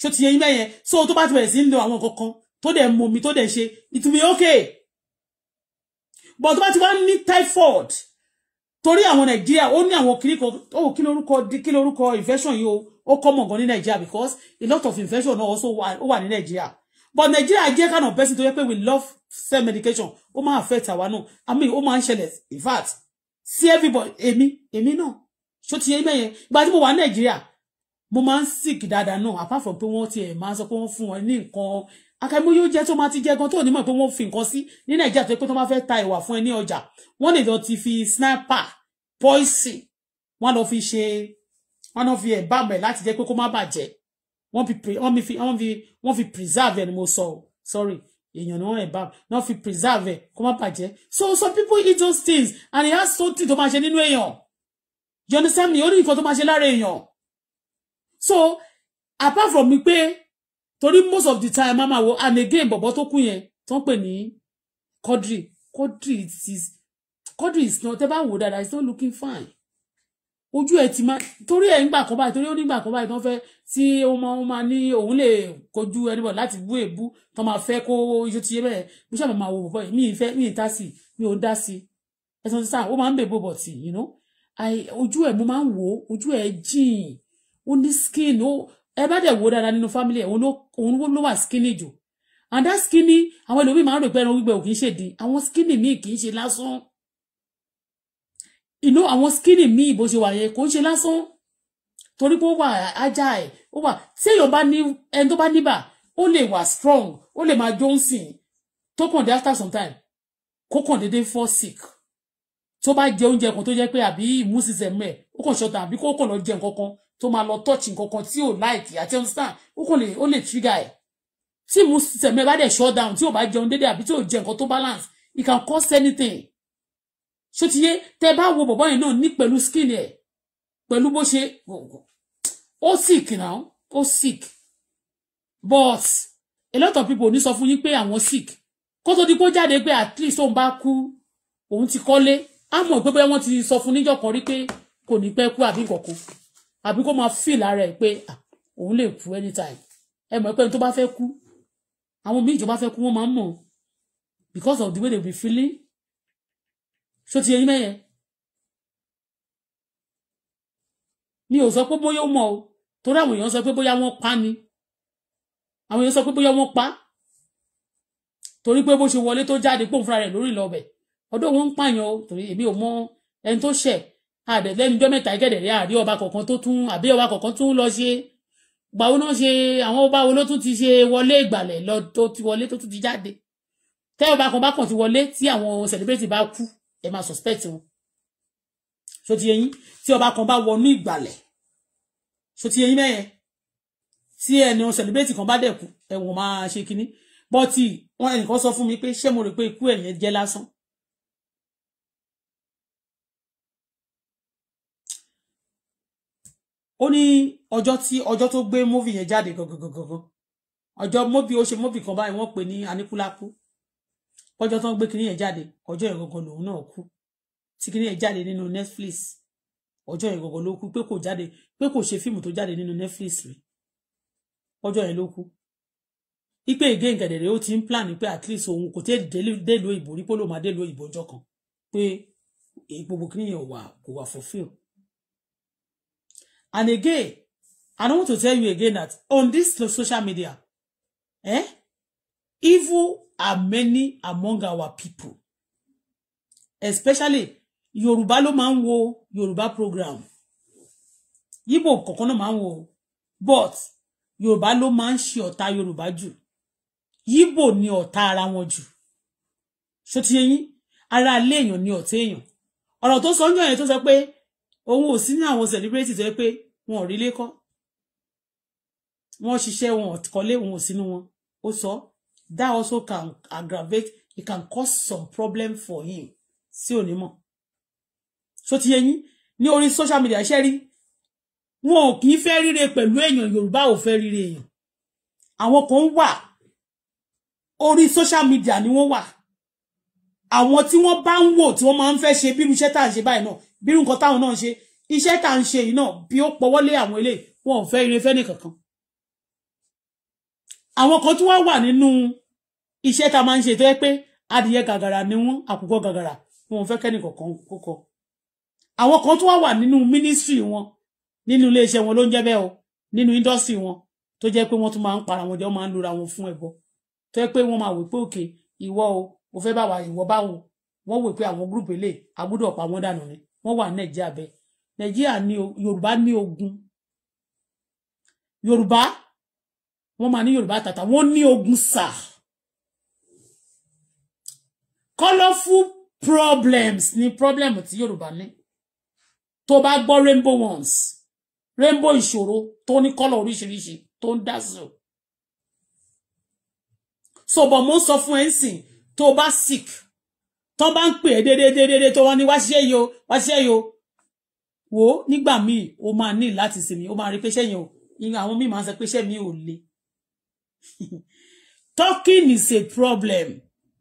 ṣó ti yẹ yín bẹ́yẹn so tó bá ti bẹ̀rẹ̀ sí ń lo àwọn kankan tó dẹ̀ mọ̀ mi tó dẹ̀ ṣe it will be okay but tó bá ti wá ní typhoid torí àwọn nàìjíríà ó ní àwọn kiri kan ó kí lórúkọ kí lórúkọ infection yìí ó ó common gan ní nàìjíríà because a lot of infection náà also ó wà ní nàìjíríà but nàìjíríà jẹ́ kind of person tó yẹ pé we love self medication ó máa affect àwa náà i mean ó máa ń ṣẹlẹ̀ in fact see everybody èmi èmi náà ṣó ti yẹ ibẹ̀ yẹn ìgbà tí mo wà ní nàìjíríà mo máa ń sick dáadáa náà apart from pé wọ́n ti ẹ̀ máa ń sọ pé wọ́n fún wọn ní nǹkan àkàìmọye oúnjẹ tó máa ti jẹ gan tó ní mọ̀ pé wọ́n fi nǹkan sí ní nàìjíríà tó pé tó máa fẹ́ ta ìwà fún ẹ ní ọjà wọ́n lè lọ ti fi sniper poison wọ́n lọ fi ṣe wọ́n lọ fi ẹ̀bá mẹ̀ láti jẹ́ pé kó má bàjẹ́ wọ́n fi wọ́n fi wọ́n fi wọ́n fi preserve ẹ̀ ni mo sọ sorry èèyàn ni wọ́n ẹ̀bá wọ́n fi preserve ẹ̀ kó má bàjẹ́ so some people eat those things and it has something to máa ṣe nínú èèyàn you understand me ó ní nǹkan tó máa ṣe lára èèyàn so apart from me, pé torí most of the time mama wo and again bọ̀bọ̀ tó kú yẹn tó ń pè ní Quadri Quadri is Quadri is not tẹ́ bá wò dáadáa not looking fine ojú ẹ ti máa torí ẹ nígbà kan báyìí torí ó nígbà kan báyìí tó ń fẹ́ tí ó máa ó máa ní òun lè kojú ẹnibọ láti bú èbú tó máa fẹ́ kó iṣu ti yé bẹ́ẹ̀ mo ṣàmà máa wò bọ yìí mi ì fẹ́ mi ì ta sí mi ò ń dá sí ẹsùn sísá ó máa ń bèbò bọ̀ tì yìí nú ojú ẹ mo máa ń wò ojú ẹ jìn ó ní skin ó ẹ bá dẹ̀ wo dáadáa nínú family ẹ̀ òun ló wà skinny jù and that skinny àwọn ẹlòmíì máa ń rò pé ẹran gbígbẹ ò kì í ṣèdí àwọn skinny míì kì í ṣe lásán you know àwọn skinny míì bó ṣe wà yẹn kò ń ṣe lásán torí pé ó wà ajá ẹ̀ ó wà tí èèyàn bá ní ẹni tó bá níbà ó lè wà strong ó lè máa jónsìn tó kàn dé after some time kó kàn déédéé fall sick tó bá jẹ oúnjẹ kan tó jẹ́ pé àbí immune system ẹ̀ ó kàn ṣọta àbí kó kàn lọ jẹ nǹkan kan tó máa lọ touch nǹkan kan tí ò like àti understand ó kàn lè ó lè trigger ẹ̀ tí mu system bá dẹ̀ shut down tí ò bá jẹun déédéé àbí tí ò jẹ nǹkan tó balance it can cause anything ṣó ti yé tẹ bá wo bọ̀bọ́ yẹn náà ní pẹ̀lú skin ẹ̀ pẹ̀lú bó ṣe ó sick now ó sick but a lot of people ò ní sọ fún yín pé àwọn sick kó tó di kó jáde pé at least òun bá kú òun ti kọ́lé á mọ̀ pé bóyá wọ́n ti sọ fún níjọ́ kan rí pé kò ní pẹ́ kú àbí nǹkan kan àbí kó máa feel ara ẹ̀ pé ah, òun lè kú anytime ẹ mọ̀ pé ẹni tó bá fẹ́ kú àwọn míì tó bá fẹ́ kú wọ́n máa ń mọ̀ because of the way they be feeling ṣó ti eyín mẹ́yẹn mi ò sọ pé bóyá ó mọ̀ o torí àwọn èèyàn sọ pé bóyá wọ́n pa ni àwọn èèyàn sọ pé bóyá wọ́n pa torí pé bó ṣe wọlé tó jáde pòun fúnra rẹ̀ lórí ìlọbẹ̀ ọdún wọn ń pààyàn o torí èmi ò mọ ẹni tó ṣẹ̀ àdẹ̀ lẹ́nu jọ́ mẹ́ta gẹ̀dẹ̀ àrí ọba kọ̀ọ̀kan tó tún àbí ọba kọ̀ọ̀kan tún lọ ṣe gbàwó náà ṣe àwọn ọba wo ló tún ti ṣe wọlé ìgbàlẹ̀ lọ tó ti wọlé tó tún ti jáde tẹ́ ọba kan bá kàn ti wọlé tí àwọn celebrity bá kú ẹ máa suspect wọn so ti yẹyin tí ọba kan bá wọnú ìgbàlẹ̀ so ti yẹyin mẹ́yẹn tí ẹni wọn celebrate kan bá dẹ̀ kú ẹ̀wọ̀n máa ṣe kinní bọ́tì wọn ẹnìkan sọ fún mi pé ṣé mo rò pé ikú ẹ̀yẹn jẹ́ lásán ó ní ọjọ́ tí ọjọ́ tó gbé móvì yẹn jáde gangan ọjọ́ móbì ó ṣe móbì kan báyìí wọ́n pè ní aníkúlákú ọjọ́ tó ń gbé kinní yẹn jáde ọjọ́ yẹn gangan lòun náà kú tí kinní yẹn jáde nínú Netflix ọjọ́ yẹn gangan ló kú pé kò jáde pé kò ṣe fíìmù tó jáde nínú Netflix rí ọjọ́ yẹn ló kú ipe ìgé nkẹ̀dẹ̀rẹ̀ ó ti ń plan pé at least òun kò tẹ́ délùú ìbò rí pé ló máa délùú ìbò ọjọ́ kan pé gbogbo kinní yẹn wà kò wà fulfill And again, I don't want to tell you again that on this social media, eh, evil are many among our people. Especially Yoruba ló man wo Yoruba program. Yibo kokono man wo. But Yoruba ló man ń ṣe Yoruba ju. Yibo ni ọ̀tá ara wọn ju. Ṣó ti yé Ara ilé ni ọ̀tá èèyàn. Ọ̀rọ̀ tó sọ ń yàn yẹn tó òun ò sí ní àwọn celebrity tó yẹ pé wọn ò rí ilé kọ́ wọn ṣiṣẹ́ wọn ò kọ́lé ò sínú wọn ó sọ that also can aggravate it can cause some problem for him sí onímọ̀ so ti yẹn ní orí social media ṣe rí wọn ò kì í fẹ́ ríre pẹ̀lú èèyàn Yorùbá ò fẹ́ ríre èèyàn àwọn kan wà orí social media ni wọ́n wà àwọn tí wọ́n bá ń wò tí wọ́n máa ń fẹ́ ṣe bírú iṣẹ́ tá à ń ṣe báyìí náà bírú nǹkan táwọn náà ń ṣe iṣẹ́ tá à ń ṣe yìí náà bí ó pọwọ́lé àwọn eléyìí wọn ò fẹ́ ire fẹ́ nìkankan àwọn kan tí wọ́n wà nínú iṣẹ́ tá a máa ń ṣe tó yẹ pé adìyẹ gàgàrà ni wọ́n àkùkọ gàgàrà wọn ò fẹ́ kẹ́nìkankan kókọ àwọn kan tí wọ́n wà nínú mínísírì wọn nínú iléeṣẹ́ wọn ló ń jẹ́ bẹ́ẹ̀ o nínú indọ́sírì wọn tó para wọn jẹ́ wọ́n máa ń lura wọn fún ẹbọ tó mo fẹ́ bá wa ìwọ báwo wọ́n wò pé àwọn gúrùpù eléyìí agbọ́dọ̀ pa wọ́n dànù ni wọ́n wà nàìjíríà bẹ́ẹ̀ nàìjíríà ní yorùbá ní ogun yorùbá wọ́n máa ní yorùbá tàtà wọ́n ní ogun sà colourful problems ni problem tí yorùbá ní tó bá gbọ́ rainbow ones rainbow ìṣòro tó ní kọ́lọ̀ oríṣiríṣi tó ń dá sí o so bọ̀ sọ fún ẹ ń sìn tó bá sick tó bá ń pè é dédédédédé tó wọ́n ní wá ṣiṣẹ́ yìí wá ṣiṣẹ́ yìí o nígbà míì o máa ní láti sinmi o máa rí pé ṣẹ́yìn o àwọn míì máa ń sọ pé mi ò le talking is a problem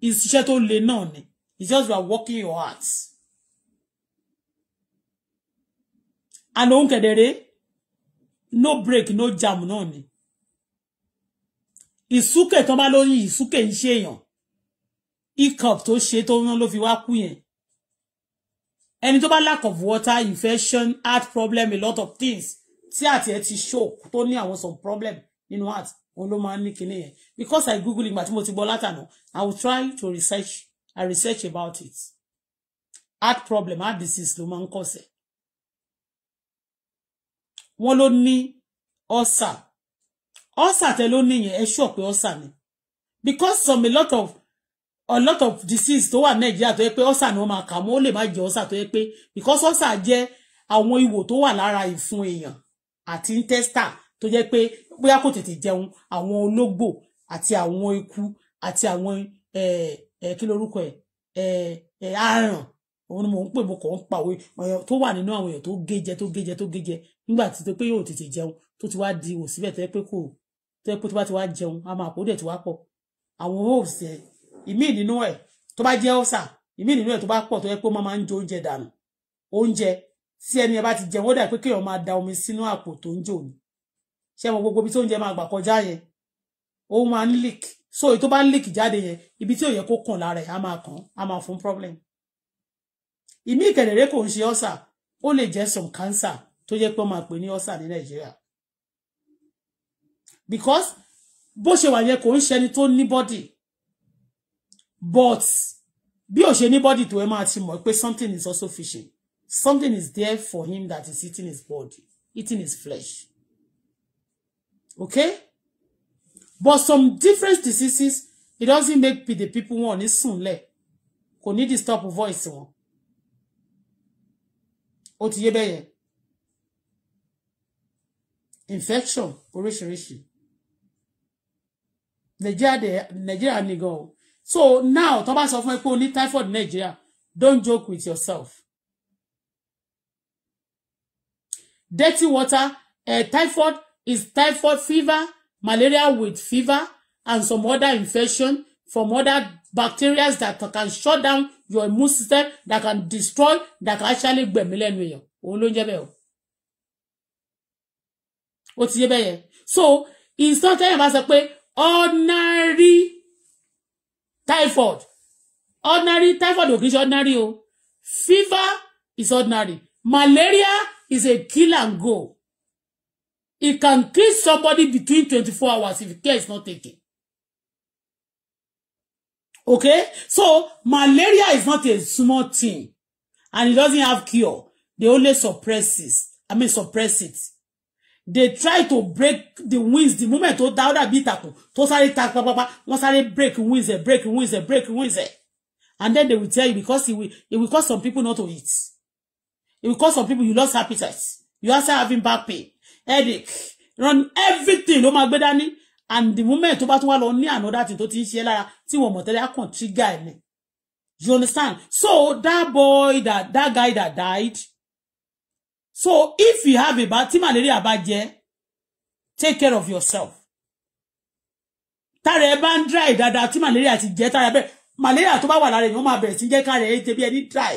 iṣẹ́ tó le náà ni it's just about working your heart. and òun kẹ̀dẹ̀rẹ́ no break no jam náà ni ìsúkè tán bá lóyún ìsúkè ń ṣèyàn hiccup tó ṣe tó rán ló fi wá kú yẹn ẹni tó bá lack of water infection heart problem a lot of things tí àti ẹ ti show tó ní àwọn some problem nínú heart òun ló máa ń ní kinní yẹn because I google ìgbà tí mo ti gbọ́ látànà I will try to research I research about it heart problem heart disease ló máa ń kọ̀sẹ̀ wọ́n ló ní ulcer ulcer tẹ ló níyẹn ẹ sọ pé ulcer ni because some a lot of a lot of disease tó wà nàìjíríà tó yẹ pé ọ́sà ni wọ́n máa kà mọ́ ó lè má jẹ́ ọ́sà tó yẹ pé because ọ́sà jẹ́ àwọn ìwò tó wà lára ìfun èèyàn àti intesta tó jẹ́ pé bóyá kò tètè jẹun àwọn ológbò àti àwọn eku àti àwọn kí lorúkọ ẹ̀ aràn òun ni mò ń pè mo kàn ń pàwé ọ̀yàn tó wà nínú àwọn èèyàn tó géjẹ tó géjẹ tó géjẹ nígbà tí tó pé yóò tètè jẹun tó ti wá di wò síbẹ̀ tó yẹ pé kò tó yẹ pé tó bá ti wá jẹun a máa kó dẹ̀ ti wá pọ̀ àwọn hops ìmí nínú ẹ̀ tó bá jẹ́ ọ̀sà ìmí nínú ẹ̀ tó bá pọ̀ tó yẹ pé ó máa ń jó oúnjẹ dànù oúnjẹ tí ẹni ẹ bá ti jẹun ó dà pé kéèyàn máa da omi sínú àpò tó ń jò ní ṣé mo gbogbo ibi tó ń jẹ máa gbà kọjá yẹn ó máa ń leak so èyí tó bá ń leak jáde yẹn ibi tí ò yẹ kó kàn lára ẹ̀ á máa kàn á máa fún problem ìmí ìkẹ̀lẹ̀rẹ́ kò ń ṣe ọ̀sà ó lè jẹ́ some cancer tó yẹ pé ó máa pè ní ọ̀sà ní nàìjíríà because bó ṣe wà yẹn kò ń ṣẹni tó ní body but bí o ṣe ní body tó ẹ máa ti mọ̀ pé something is also fishing something is there for him that is eating his body eating his flesh okay but some different diseases it doesn't make the people wọn ní sùnlẹ̀ kò ní disturb voice wọn ó ti yé bẹ́yẹn infection oríṣiríṣi nàìjíríà nìgan o so now tó bá sọ fún ẹ pé o ní typhoid Nigeria don't joke with yourself dirty water uh, typhoid is typhoid fever malaria with fever and some other infection from other bacteria that can shut down your immune system that can destroy that can actually gbẹ̀mí lẹ́nu èèyàn òun ló ń jẹ́ bẹ́ẹ̀ o ó ti yé bẹ́ẹ̀ yẹn so ìsọtẹ́yìn bá sọ pé ordinary typhoid ordinary typhoid ò kì ordinary o fever is ordinary malaria is a kill and go it can kill somebody between twenty-four hours if care is not taken okay so malaria is not a small thing and it doesn't have cure they only suppress it i mean suppress it they try to break the wings the moment tó dá ọ̀dà bíi ìtàkùn tó sáré ta pápápá wọ́n sáré break wings ẹ̀ break wings ẹ̀ break wings ẹ̀ and then they will tell you because it will, it will cause some people not to eat it will cause some people you lost appetite you also having back pain headache run everything ló máa gbé dání and the moment tó bá tún wá lọ ní another thing tó ti ń ṣe lára tí wọn mọ̀ tẹ́lẹ̀ á trigger ni you understand so that boy that that guy that died so if you have a ibà tí malaria bá jẹ take care of yourself tára ẹ bá ń dry dáadáa tí malaria ti jẹ tára bẹ́ẹ̀ malaria tó bá wà lára èèyàn máa bẹ̀rẹ̀ sí jẹ́ kára ẹ jẹ bí ẹni dry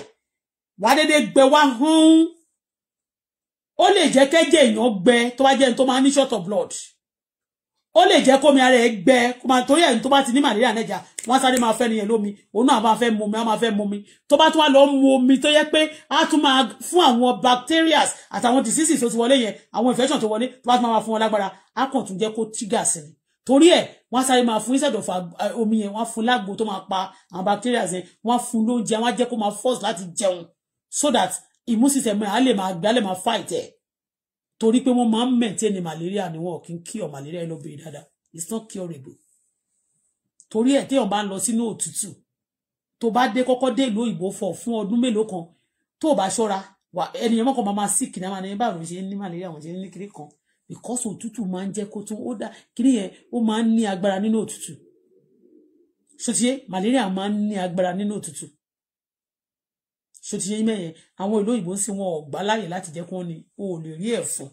wà á dédé gbẹ wá hún ó lè jẹ́ kẹ́jẹ̀ èèyàn gbẹ tó bá jẹ́ ní tó máa ní short of blood ó lè jẹ́ kómi ara ẹ̀ gbẹ kó máa torí ẹ̀yìn tó bá ti ní màlẹ́rì ànẹ́jà wọ́n sáré máa fẹ́ nìyẹn lómi òun náà máa fẹ́ momi á máa fẹ́ momi tó bá tún wá lọ mu omi tó yẹ pé á tún máa fún àwọn bacterias àtàwọn diseases tó ti wọlé yẹn àwọn infection tó wọlé tó bá tún máa fún wọn lágbára á kàn tún jẹ́ kó trigger sí ni torí ẹ̀ wọ́n sáré máa fún instead of omi yẹn wọ́n fún lágbo tó máa pa àwọn bacterias yẹn wọ́n fún lóúnjẹ wọ́n á jẹ́ kó máa force láti jẹun so that immune system ẹ̀ á lè máa gbé á lè máa fight ẹ̀ torí pé wọ́n máa ń maintain malaria ni wọn ò kí ń cure malaria ẹ lọ dáadáa it's not curable torí ẹ̀ téèyàn bá ń lọ sínú òtútù tó bá dé kọ́kọ́ dé ìlú òyìnbó fọ̀ fún ọdún mélòó kan tó bá ṣọ́ra wà ẹnìyàn mọ́kàn máa máa sí kìnìún àwọn ẹni báwo ṣe ń ní malaria àwọn ṣe ń ní kiri kan because òtútù máa ń jẹ́ kó tún ó dá kiri yẹn ó máa ń ní agbára nínú òtútù ṣòtí malaria máa ń ní agbára nínú òtútù ṣó ti ṣe yín mẹ́yẹn àwọn ìlú òyìnbó ń sin wọn ọ̀gbá láyè láti jẹ́ kí wọ́n ní o ò lè rí ẹ̀fọn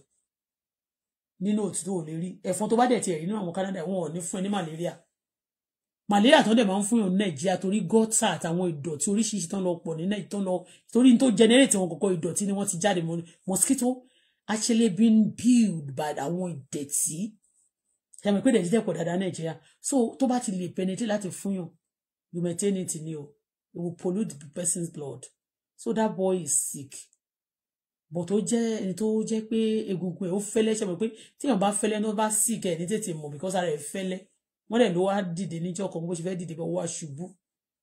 nínú òtítọ́ ò lè rí ẹ̀fọn tó bá dẹ̀ tiẹ̀ rí nínú àwọn Canada wọn ò ní fún ẹ ní malaria malaria tó ń dẹ̀ máa ń fún yàn nàìjíríà torí gọ́tà àtàwọn ìdọ̀tí oríṣiríṣi tó ń lọ pọ̀ ní nàìjíríà tó ń lọ torí tó generate wọn kọ̀kọ́ ìdọ̀tí ni wọ́n ti jáde mosquito actually been built by àwọn ìdẹ̀tí ẹ̀mí pé ìdẹ̀tí dẹ̀ dáadáa nàìjíríà so tó bá ti lè penetrate láti fún yàn you maintain it ni o it will pollute the person's blood so that boy is sick bọ̀ tó jẹ́ ẹni tó jẹ́ pé egungun ẹ̀ ó fẹ́lẹ́ ṣe mọ̀ pé tíyàn bá fẹ́lẹ́ ní wọ́n bá sick ẹ̀ ní tètè mọ̀ because ara ẹ̀ fẹ́lẹ́ wọ́n dẹ̀ ló wá dìde níjọ́ kan bó ṣe fẹ́ dìde bọ́ wá ṣubú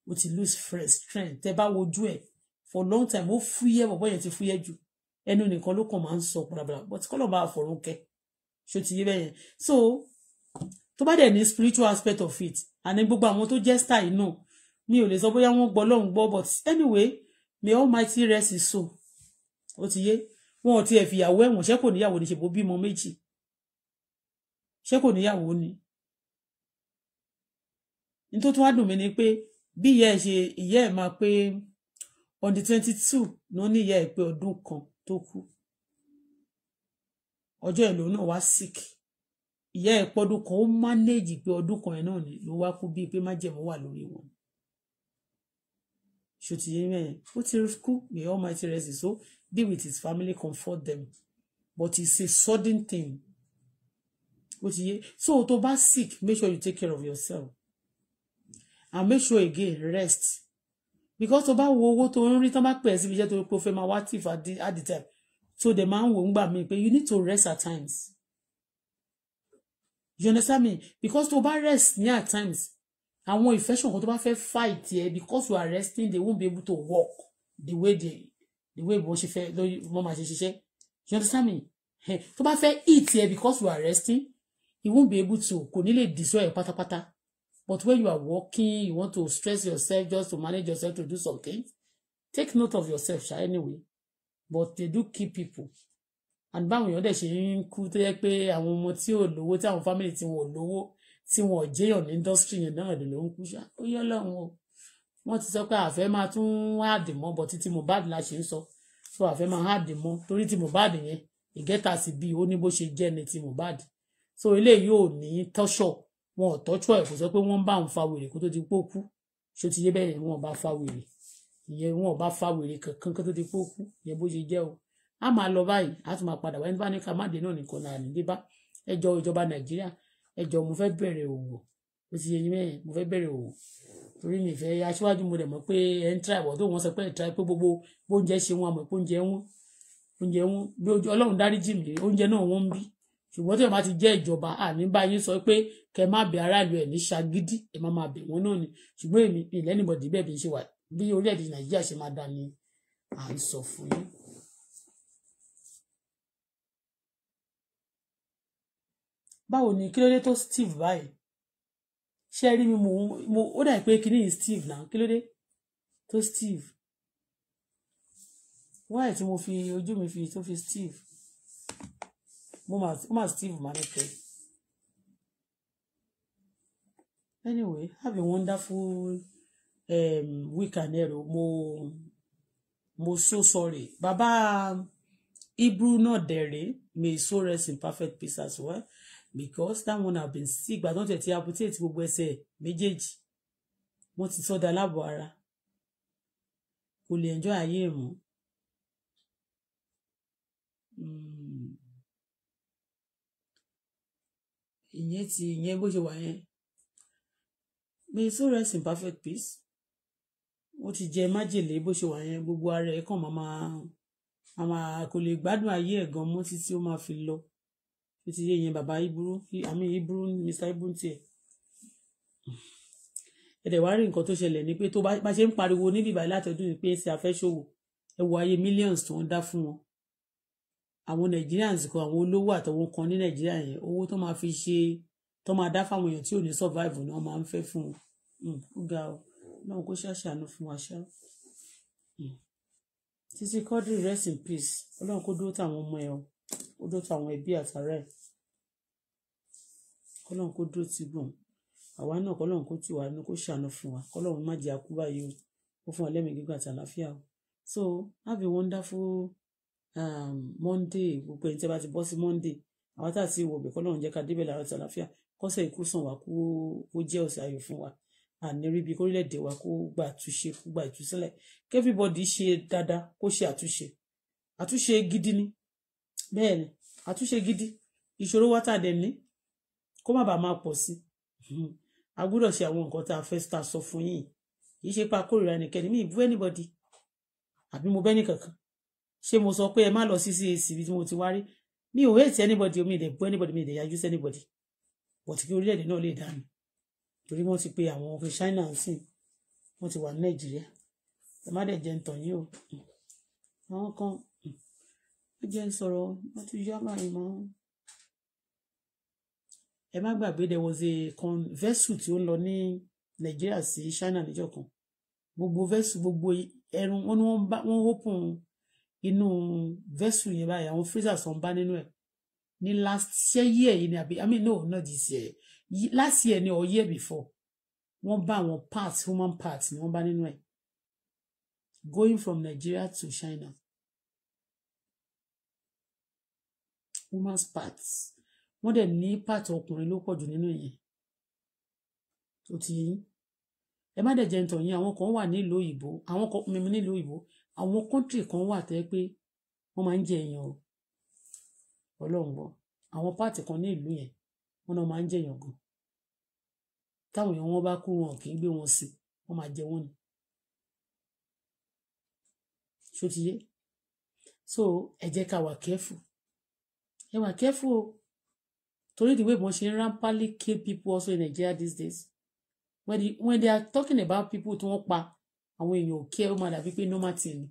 ó ti lose fresh strength tẹ́ bá wojú ẹ̀ for long time ó fúyẹ́ bọ̀bọ́ yẹn ti fúyẹ́ jù ẹnu nìkan ló kàn máa ń sọ bàbàbà but kọ́lọ̀ bá àfọ̀rún kẹ́ ṣó ti yé bẹ́ẹ̀ yẹn so tó bá dẹ̀ ní spiritual aspect of it àní gbogbo àwọn tó jẹ́ star yìí náà mi ò lè sọ bóyá wọ́n gbọ́ lọ́hùn gbọ́ but anyway may almighty rest his soul ó ti yé wọn ò tiẹ̀ fìyàwó ẹ̀wọ̀n ṣé kò níyàwó ni ṣèbó bímọ méjì ṣé kò níyàwó ni ní tó tún wá dùn mí ni pé bí ìyá ẹ̀ ṣe ìyá ẹ̀ máa pé on the twenty two ló ní ìyá ẹ̀ pé ọdún kan tó kú ọjọ́ ẹ̀ lòun náà wá sick ìyá ẹ̀ pọ́dún kan ó mánéèjì pé ọdún kan ẹ̀ náà ni ló wá kú bíi pé májẹ̀mú wà lórí wọn ṣòtì yẹn mẹ́yẹn ó ti kú may almighty rest his soul be with his family comfort them but it's a sudden thing ó ye? so tó bá sick make sure you take care of yourself and make sure again rest because tó bá wo owó tó ń rí tán bá pè é síbi jẹ́ torí pé o fẹ́ máa wá tì fà at the time so dem máa ń wò ń gbà mí pé you need to rest at times you understand me because tó bá rest ní at times àwọn infection kan tó bá fẹ́ fight ẹ because you are resting they won't be able to work the way they the way bó ṣe fẹ́ lórí wọ́n máa ṣe ṣiṣẹ́ you understand me tó bá fẹ́ eat ẹ because you are resting you won't be able to kò ní lè destroy ẹ pátápátá but when you are working you want to stress yourself just to manage yourself to do something take note of yourself sha anyway but they do keep people and báwọn èèyàn dẹ̀ ṣe ń kú tó yẹ pé àwọn ọmọ tí ò lówó tí àwọn family tí wọn lówó tí wọn ò jẹyàn ní industry yẹn náà ló ń kú ṣá ó yọ lọ́run o wọ́n ti sọ pé àfẹ́ máa tún háàdì mọ́ bọ́ títí Mohbad la ṣe ń sọ so àfẹ́ máa háàdì mọ́ torí ti Mohbad yẹn ìgẹ́ta sì bí ó ní bó ṣe jẹ́ ni ti Mohbad so eléyìí ò ní tọ́ṣọ̀ wọn ò tọ́ṣọ̀ ẹ̀ kò sọ pé wọ́n bá òun fa wèrè kó tó ti pó kú ṣó ti yé bẹ́ẹ̀ yẹn wọn bá fa wèrè ìyẹn wọn bá fa wèrè kankan kó tó ti pó kú ìyẹn bó ṣe jẹ́ o a máa lọ báyìí a tún máa padà wá ẹni bá ní ká má dé náà nìkan náà ní dé ìjọba Nàìjíríà ẹ jọ̀ọ́ mo fẹ́ bẹ̀rẹ̀ òwò ó ti yẹ yín mo fẹ́ bẹ̀rẹ̀ òwò torí mi fẹ́ aṣíwájú mo dẹ̀ mọ̀ pé ẹ̀ ń tíráì bọ̀ tó wọ́n sọ pé ẹ̀ tíráì pé gbogbo oúnjẹ ṣe wọn àmọ̀ pé oúnjẹ wọn oúnjẹ wọn bí ọlọ́run dáríjì mi oúnjẹ náà wọ́n ń bí ṣùgbọ́n tí wọ́n bá ti jẹ́ ìjọba àní bá yín sọ pé kẹ má bẹ aráàlú ẹ̀ ní ṣagídí ẹ má máa bẹ̀ wọ́n náà ni ṣùgbọ́n èmi ìlẹ́nìbọ̀dì bẹ́ẹ̀ bí ṣe wà bí orílẹ̀-èdè nàìjíríà ṣe máa dá ni à ń sọ fún yín. báwo ni kí ló dé tó steve báyìí ṣé rí mi mo mo ó dà pé kíní yìí steve náà kí ló dé tó steve wáyé tí mo fi ojú mi fi tó fi steve mo mà mo mà steve má lẹkẹ anyway have a wonderful um, weekend ẹ̀rọ mo mo so sorry Baba Hebrew náà dẹ̀rẹ̀ may so rest in perfect peace as well because that one have been sick gbàtọ́ tẹ̀ ti amputate gbogbo ẹsẹ̀ méjèèjì wọ́n ti sọ́dà láàbọ̀ ara kò lè enjoy ayé mọ́. Hmm. ìyẹn ti ìyẹn bó ṣe wà yẹn may so rest in perfect peace wọ́n ti jẹ májèlé bó ṣe wà yẹn gbogbo ara ẹ̀ kàn máa máa kò lè gbádùn ayé ẹ̀ gan mọ́ títí ó máa fi lọ ó ti yé yẹn Baba iburu àmì iburu mr iburu tiẹ̀ ẹ̀dẹ̀ wá rí nǹkan tó ṣẹlẹ̀ ni pé tó bá ṣe ń pariwo níbi ìbàlẹ̀ àtọ́dún ni pé ṣe afẹ́ṣòwò ẹ wo ayé millions tó ń dá fún wọn àwọn Nigerians kan àwọn olówó àtàwọn kan ní Nigeria yẹn owó tó máa fi ṣe tó máa dá fáwọn èèyàn tí ò ní survive ni wọ́n máa ń fẹ́ fún wọn hmm, ó ga ọ náà kó ṣàṣàánú fún wa ṣá hmm. títí Quadri rest in peace Ọlọ́run kó dúró táwọn ọmọ ẹ o ó dó àwọn ẹbí àtàrà ẹ̀ kọ́lọ́n kó dó ti gbọ̀n àwa náà kọ́lọ́n kó tù wá ní kó ṣàánú fún wa kọ́lọ́n má jẹ́ akú báyìí o ó fún wa lẹ́mìí gígùn àti àlàáfíà o so have a wonderful um, monday gbogbo ẹni tí a bá ti bọ́ sí monday àwa tá a ti wò bẹ̀ kọ́lọ́n jẹ́ ká débẹ̀ láàárọ̀ àti àlàáfíà kọ́sẹ̀ ikú sàn wá kó kó jẹ́ ọ̀sẹ̀ ayọ̀ fún wa àníríbi kórílẹ̀-èdè wa kó gba àtúnṣe kó gba ìtúsílẹ̀ kẹ́fíbọ̀dì ṣe dáadáa kó ṣe àtúnṣe àtúnṣe gidi ni bẹ́ẹ̀ ni àtúnṣe gidi ìṣòro wa tá a dẹ̀ ní kó má bàa máa pọ̀ sí hmm, a gbúdọ̀ ṣe àwọn nǹkan tá a fẹ́ ta sọ fún yín kì í ṣe pa kórìíra ẹnikẹ́ni mi ìbú anybody àbí mo bẹ́ ní kankan ṣé mo sọ pé ẹ má lọ sí CAC bí mo ti wá rí mi ò hate anybody mi ìdẹ̀ bú anybody mi ìdẹ̀ yájú sí anybody but kí orílẹ̀-èdè náà lè dànù torí wọ́n ti pe àwọn òfin China sí wọ́n ti wà ní Nàìjíríà ẹ má dẹ̀ jẹ́ ń tàn yín o hmm, àwọn kan ó jẹ́ ń sọ̀rọ̀ wọ́n tún yá báyìí mọ́. ẹ má gbàgbé there was a con vessel tí ó lọ ní Nàìjíríà sí China níjọ́ kan gbogbo vessel gbogbo ẹrun wọn ni wọ́n bá wọ́n open inú vessel yẹn báyìí àwọn freezer sàn bá nínú ẹ̀ ní last year yìí ni àbí i mean no not this year last year ni or year before wọ́n bá àwọn parts human parts ni wọ́n bá nínú ẹ̀ going from Nigeria to China woman's part wọ́n dẹ̀ ní part ọkùnrin ló pọ̀ jù nínú yẹn tó ti yín ẹ má dẹ̀ jẹ́ ntọ̀ yín àwọn kan wà nílùú òyìnbó àwọn kan mímu nílùú òyìnbó àwọn kọ́ńtì kan wà tẹ́ pé wọ́n máa ń jẹ èèyàn o ọlọ́run gbọ́ àwọn páàtì kan ní yẹn wọ́n náà máa ń jẹ èèyàn gan táwọn èèyàn wọn bá kú wọn kì í gbé wọn sí wọ́n máa jẹ wọ́n ni ṣó ti yé so ẹ jẹ́ ká wà kẹ́fù ẹ wà careful o torí the way bọ́n ṣe ń rampantly kill people also in Nigeria these days when, the, when they are talking about people tí wọ́n pa àwọn èèyàn ò kí ẹ ó máa dàbí pé normal thing ni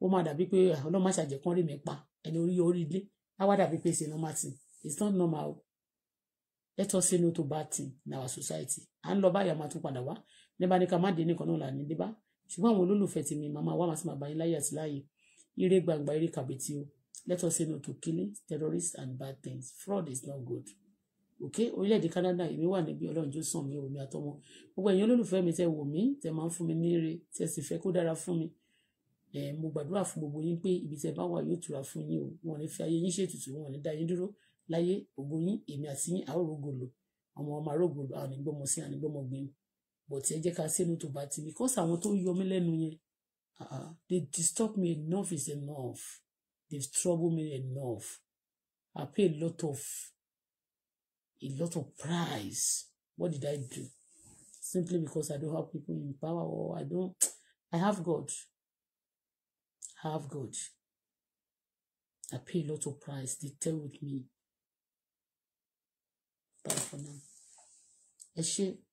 ó máa dàbí pé ah, ọlọ́mọ àṣàjẹ́ kan rí mi pa ẹni orí orí ilé á wá dàbí pé ṣe normal thing it's not normal o let us say no to bad thing in our society à ń lọ báyà máa tún padà wá nígbà ní ká má dé nìkan náà là ní dé bá ṣùgbọ́n àwọn olólùfẹ́ tèmi màmá wa màá sì máa bá yín láyé àti láàyè ire gbàǹgbà ire kàbìtì o let us say no to killing terrorists and bad things fraud is not good okay orílẹ̀-èdè Canada èmi wà níbi ọlọ́run jó sàn mí omi àtọmọ gbogbo ẹ̀yin olólùfẹ́ mi tẹ́ wò mí tẹ́ máa ń fún mi ní ire tẹ́ sì fẹ́ kó dára fún mi mo gbàdúrà fún gbogbo yín pé ibi tẹ́ bá wà yóò tura fún yín o wọn ò ní fi ayé yín ṣètùtù wọn ò ní dá yín dúró láyé ògo yín èmi àti yín àárò gòlò àwọn ọmọ àárò gòlò àwọn ìgbọmọ sí àwọn ìgbọmọ gbìn But tí ẹ jẹ́ ká sínú tó bá ti because àwọn tó yọ mí lẹ́nu yẹn ah, ah, they disturb me enough is enough They've troubled me enough. I pay a lot of a lot of price. What did I do? Simply because I don't have people in power or I don't I have God. I have God. I pay a lot of price. They tell with me. Bye for now. Ẹ